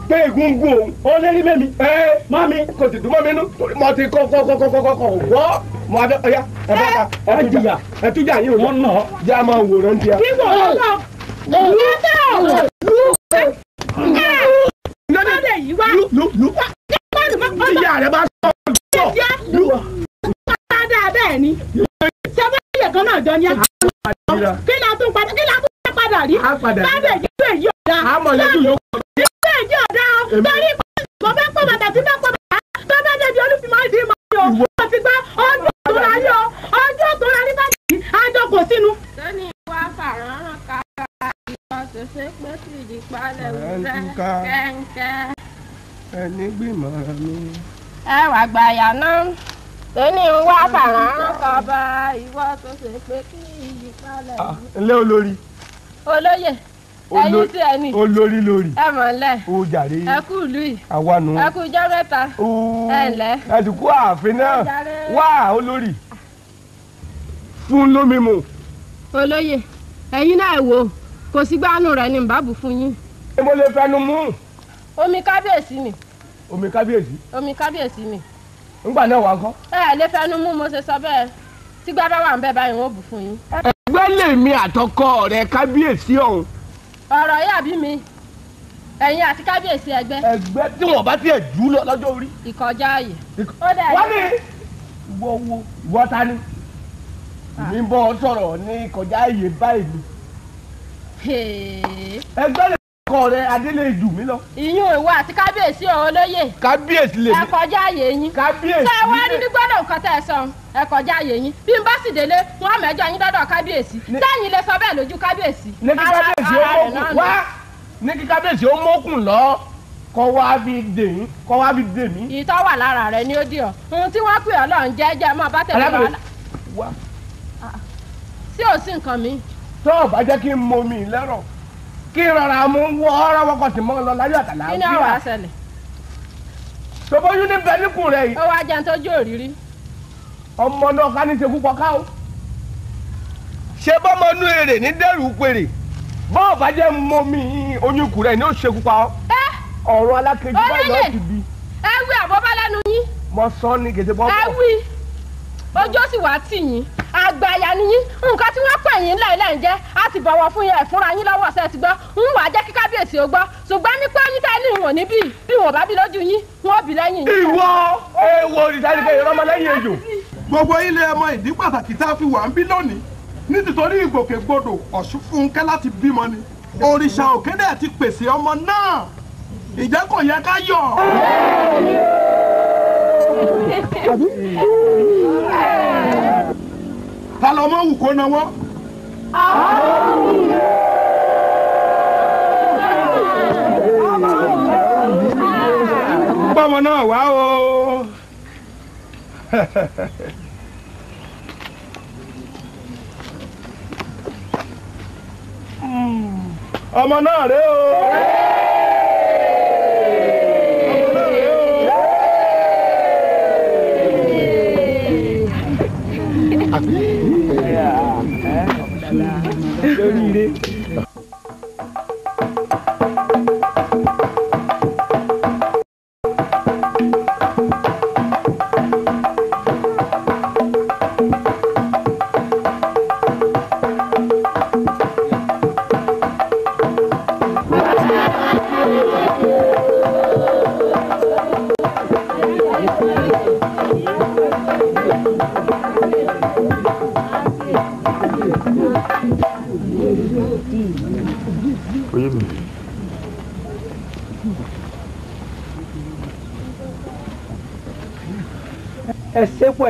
pé egungun òun. ó lérí mẹ́mi. ẹ má mi. kò sì dùn mọ́ mi nú. mo ti kọ́ kọ́ kọ́ kọ́ kọ́ kọ́ wọ́. mo adé ọ̀ya ẹ bá ta ẹ bá jìyà ẹ tún jà yín o. wọ́n nà ọ́. já máa wòran tiẹ̀. bí wò ó lọ. lọ́tọ̀ lù. lù. lù. lù. lù tí ìyá rẹ bá ọjọ́ tó ra yọ ọjọ́ àjọ kò sínú. sani wá fàrán ká ìwọ ṣẹṣẹ pé tìdí palẹ̀ wúrẹ́ kẹ́ńkẹ́ ẹni gbìmọ̀ràn mi. ẹ wà gbàyà náà tóní ń wá fàrà kọba ìwọ tó ṣe pé kí ìyípalẹ̀. Ah, ǹlẹ́ olórí. olóyè ẹyin tí ẹ olórí lórí. ẹ mọ̀ lẹ̀. o jàre. ẹ kú ìlú yìí. àwa nù. ẹ kú ijọ́ mẹ́ta. ẹ lẹ̀. ẹ ti kú ààfin náà. wá olórí. fún lómi mu. olóyè ẹ̀yin náà wò kò sí gbánú rẹ̀ ní bàbù fún yín. èmo lè fẹnu mú omi kábíyèsí ni. omi kábíyèsí. omi kábíyèsí ni. ńgbà náà wà ń kọ́. ẹ ẹ lè fẹnu mú mo ṣe sọ bẹ́ẹ̀ tí gbá bá wà ń bẹ báyìí wọn ò bù fún yín. ẹgbẹ́ lèmi àtọkọ rẹ kábíyèsí ọ̀hún. ọ̀rọ̀ yìí àbí mi ẹ̀yin àti kábíyèsí ẹgbẹ́. ẹgbẹ́ tí wọ́n bá tiẹ̀ jù lọ lọ́jọ́ orí. ìkọjá ààyè. wọ́n ní ìwọ wo ìwọ ta ni ah. mi bọ́ sọ̀rọ̀ ní ìkọjá ààyè báyìí. ẹgbẹ́ lè ẹ̀kọ́ rẹ adé lè mí lọ. ìyún ìwọ àti kábíyèsí ọ̀hún lóye. kábíyèsí lèmi. ẹ kọjá àyè yín. kábíyèsí lèmi. sọ wá ní nǹkan tẹ́ ẹ sọ ẹ kọjá àyè yín bí n bá sì délé wọn mẹjọ yín dọdọ kábíyèsí sẹ́yìn lè sọ bẹ́ẹ̀ lójú kábíyèsí. ní kí kábíyèsí ó mókun wá ní kí kábíyèsí ó mókun lọ kọ́ wá fi dè mí kọ́ wá fi dè mí. ìtọ́ wà lára rẹ ni ó dì ọ́ bá ah, ah. o bá jẹ́ kí n mọ mi lẹ́rọ̀ kí rọra mú wọ ọrọ wọn sí mọ lọ láyọ̀ àtàlà òkúra. kí ni ọ̀rọ̀ àṣẹlẹ̀. tòbóyún ní bẹ níkùn rẹ yìí. ó wá jẹun jó òrírí. ọmọ náà ká ní ṣe púpọ̀ ká o. ṣé bọ́mọ inú èrè ní dẹ́rù pèrè bọ́ọ̀ bá jẹ́ rẹ ní ó ṣe ọ̀rọ̀ alákejì báyìí lọ́ọ́ ti bí. ẹ wí àbọ̀bá lẹ́nu ọjọ́ sì wá tì yín àgbàyà ni yín nǹkan tí wọ́n pè yín láìláì jẹ́ a ti bọ̀wọ̀ fún yẹn ẹ̀fúnra yín lọ́wọ́ ọ̀sẹ̀ ti gbọ́ ń wàá jẹ́ kí kábíyèsí ó gbọ́ ṣùgbọ́n ní pé yín tẹ́lẹ̀ ìwọ̀n níbí bí wọ́n bá bí lójú yín wọ́n bí lẹ́yìn yín. ìwọ ewo olùdaríkẹ ìrọmọ lẹ́yìn ejò. gbogbo ilé ẹmọ ìdí pàtàkì tá a fi wà ń bí lónìí nítorí ìgbòkègbodò ọ̀ṣun fúnkẹ́ ta wù kó náwó. bọ́mọ náà wá o. ọmọ náà rèé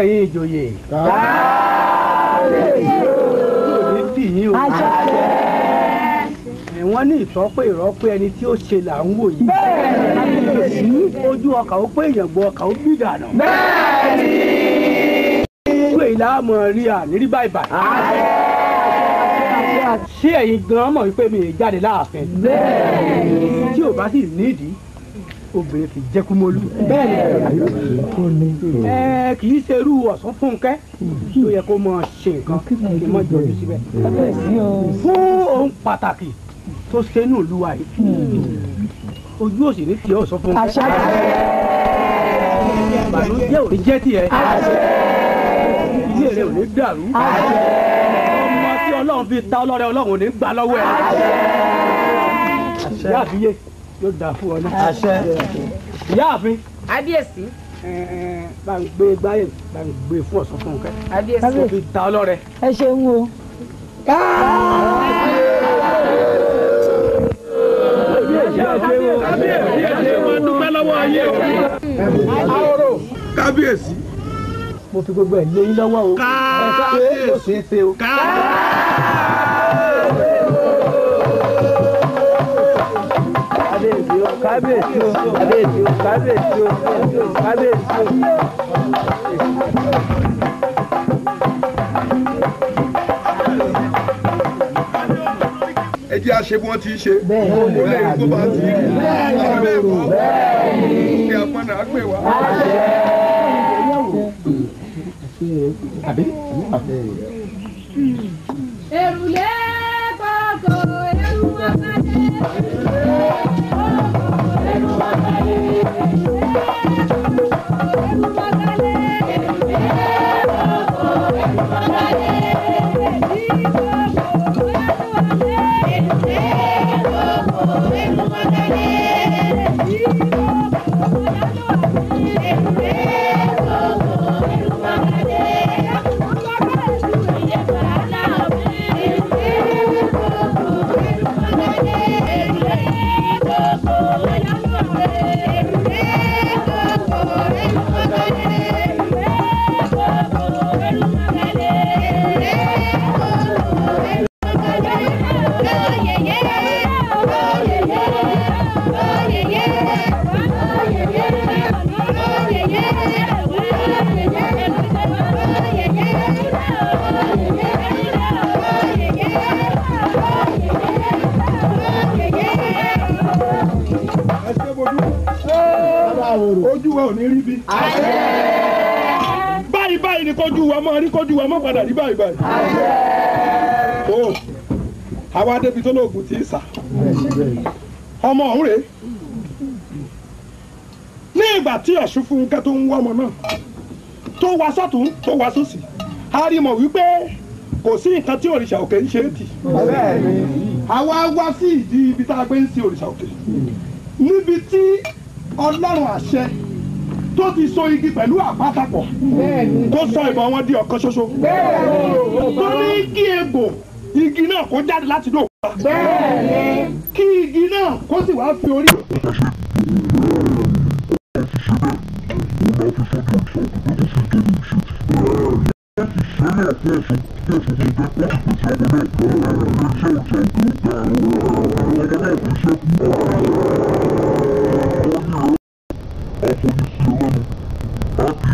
ẹ̀yin ìjòyè. kábíyèsí o. kí ni yín o. àṣẹ. wọ́n ní ìtọ́pẹ́ ìrọ́pẹ́ ẹni tí ó ṣe là ń wò yìí. kábíyèsí ojú ọkà ó pé èèyàn gbọ́ ọkà ó bí dànù. bẹ́ẹ̀ni. ìwé ìlàmọ̀ rí ànírí báyìí báyìí. àṣẹ ṣé ẹ̀yin gan-an mọ̀ wípé mi ì jáde láàfin. bẹ́ẹ̀ni. tí ò bá sì nídìí obìnrin kì í jẹ́ kì í ṣe irú ọ̀sán fúnkẹ́ tó yẹ kó mọ ṣe nǹkan kí n mọ jọjú síbẹ̀. fún ohun pàtàkì tó ṣe nù lúwa yìí ojú òsì ní tiẹ̀ ọ̀sán fúnkẹ́. àṣà ìbànújẹ́ ò ní jẹ́ tiẹ̀. ilé rẹ̀ ò ní dàrú. ọmọ tí ọlọ́run fi ta ọlọ́rẹ́ ọlọ́run ò ní gbà lọ́wọ́ ẹ̀. àṣẹ àbíyé yóò dà fún ọ náà. àṣẹ ìyáàfin. abiyesi. bá ń gbé gbáyé bá ń gbé fún ọ̀sán fún un kẹ́. abiyesi. kò fi ta ọlọ́rẹ. ẹ ṣeun o. kábíyèsí. mo fi gbogbo ẹ̀ lé yín lọ́wọ́ o. kábíyèsí. kábíyèsí. kábíyèsí o kábíyèsí o kábíyèsí o kábíyèsí o kábíyèsí o. ẹ jẹ́ ti ṣe kó lè kó bá ti rí àwọn bẹ́ẹ̀ kọ́ kí apọ́nà á pè wá. àbí àbí àbí. ní rí bí. báyìí báyìí ni kójú wa mọ́ rí kójú wa mọ́ padà rí báyìí báyìí. tó oh, àwa débi tó lóògùn tí ì sà ọmọ ọ̀hún rèé ní ìgbà tí ọ̀ṣun fún kẹ́ tó ń wọ́ ọmọ náà tó wá sọ́tún tó wá sósì a rí mọ̀ wípé kò sí nǹkan tí òrìṣà òkè ń ṣe é tì àwa wá sí ìdí ibi tá a gbé ń sin òrìṣà òkè níbi tí ọlọ́run àṣẹ tó ti so igi pẹ̀lú àpáta pọ̀ tó sọ ìbọn wọn di ọ̀kan ṣoṣo tó ní kí egbò igi náà kó jáde láti inú òkúta kí igi náà kó sì wá fi orí. Thank you.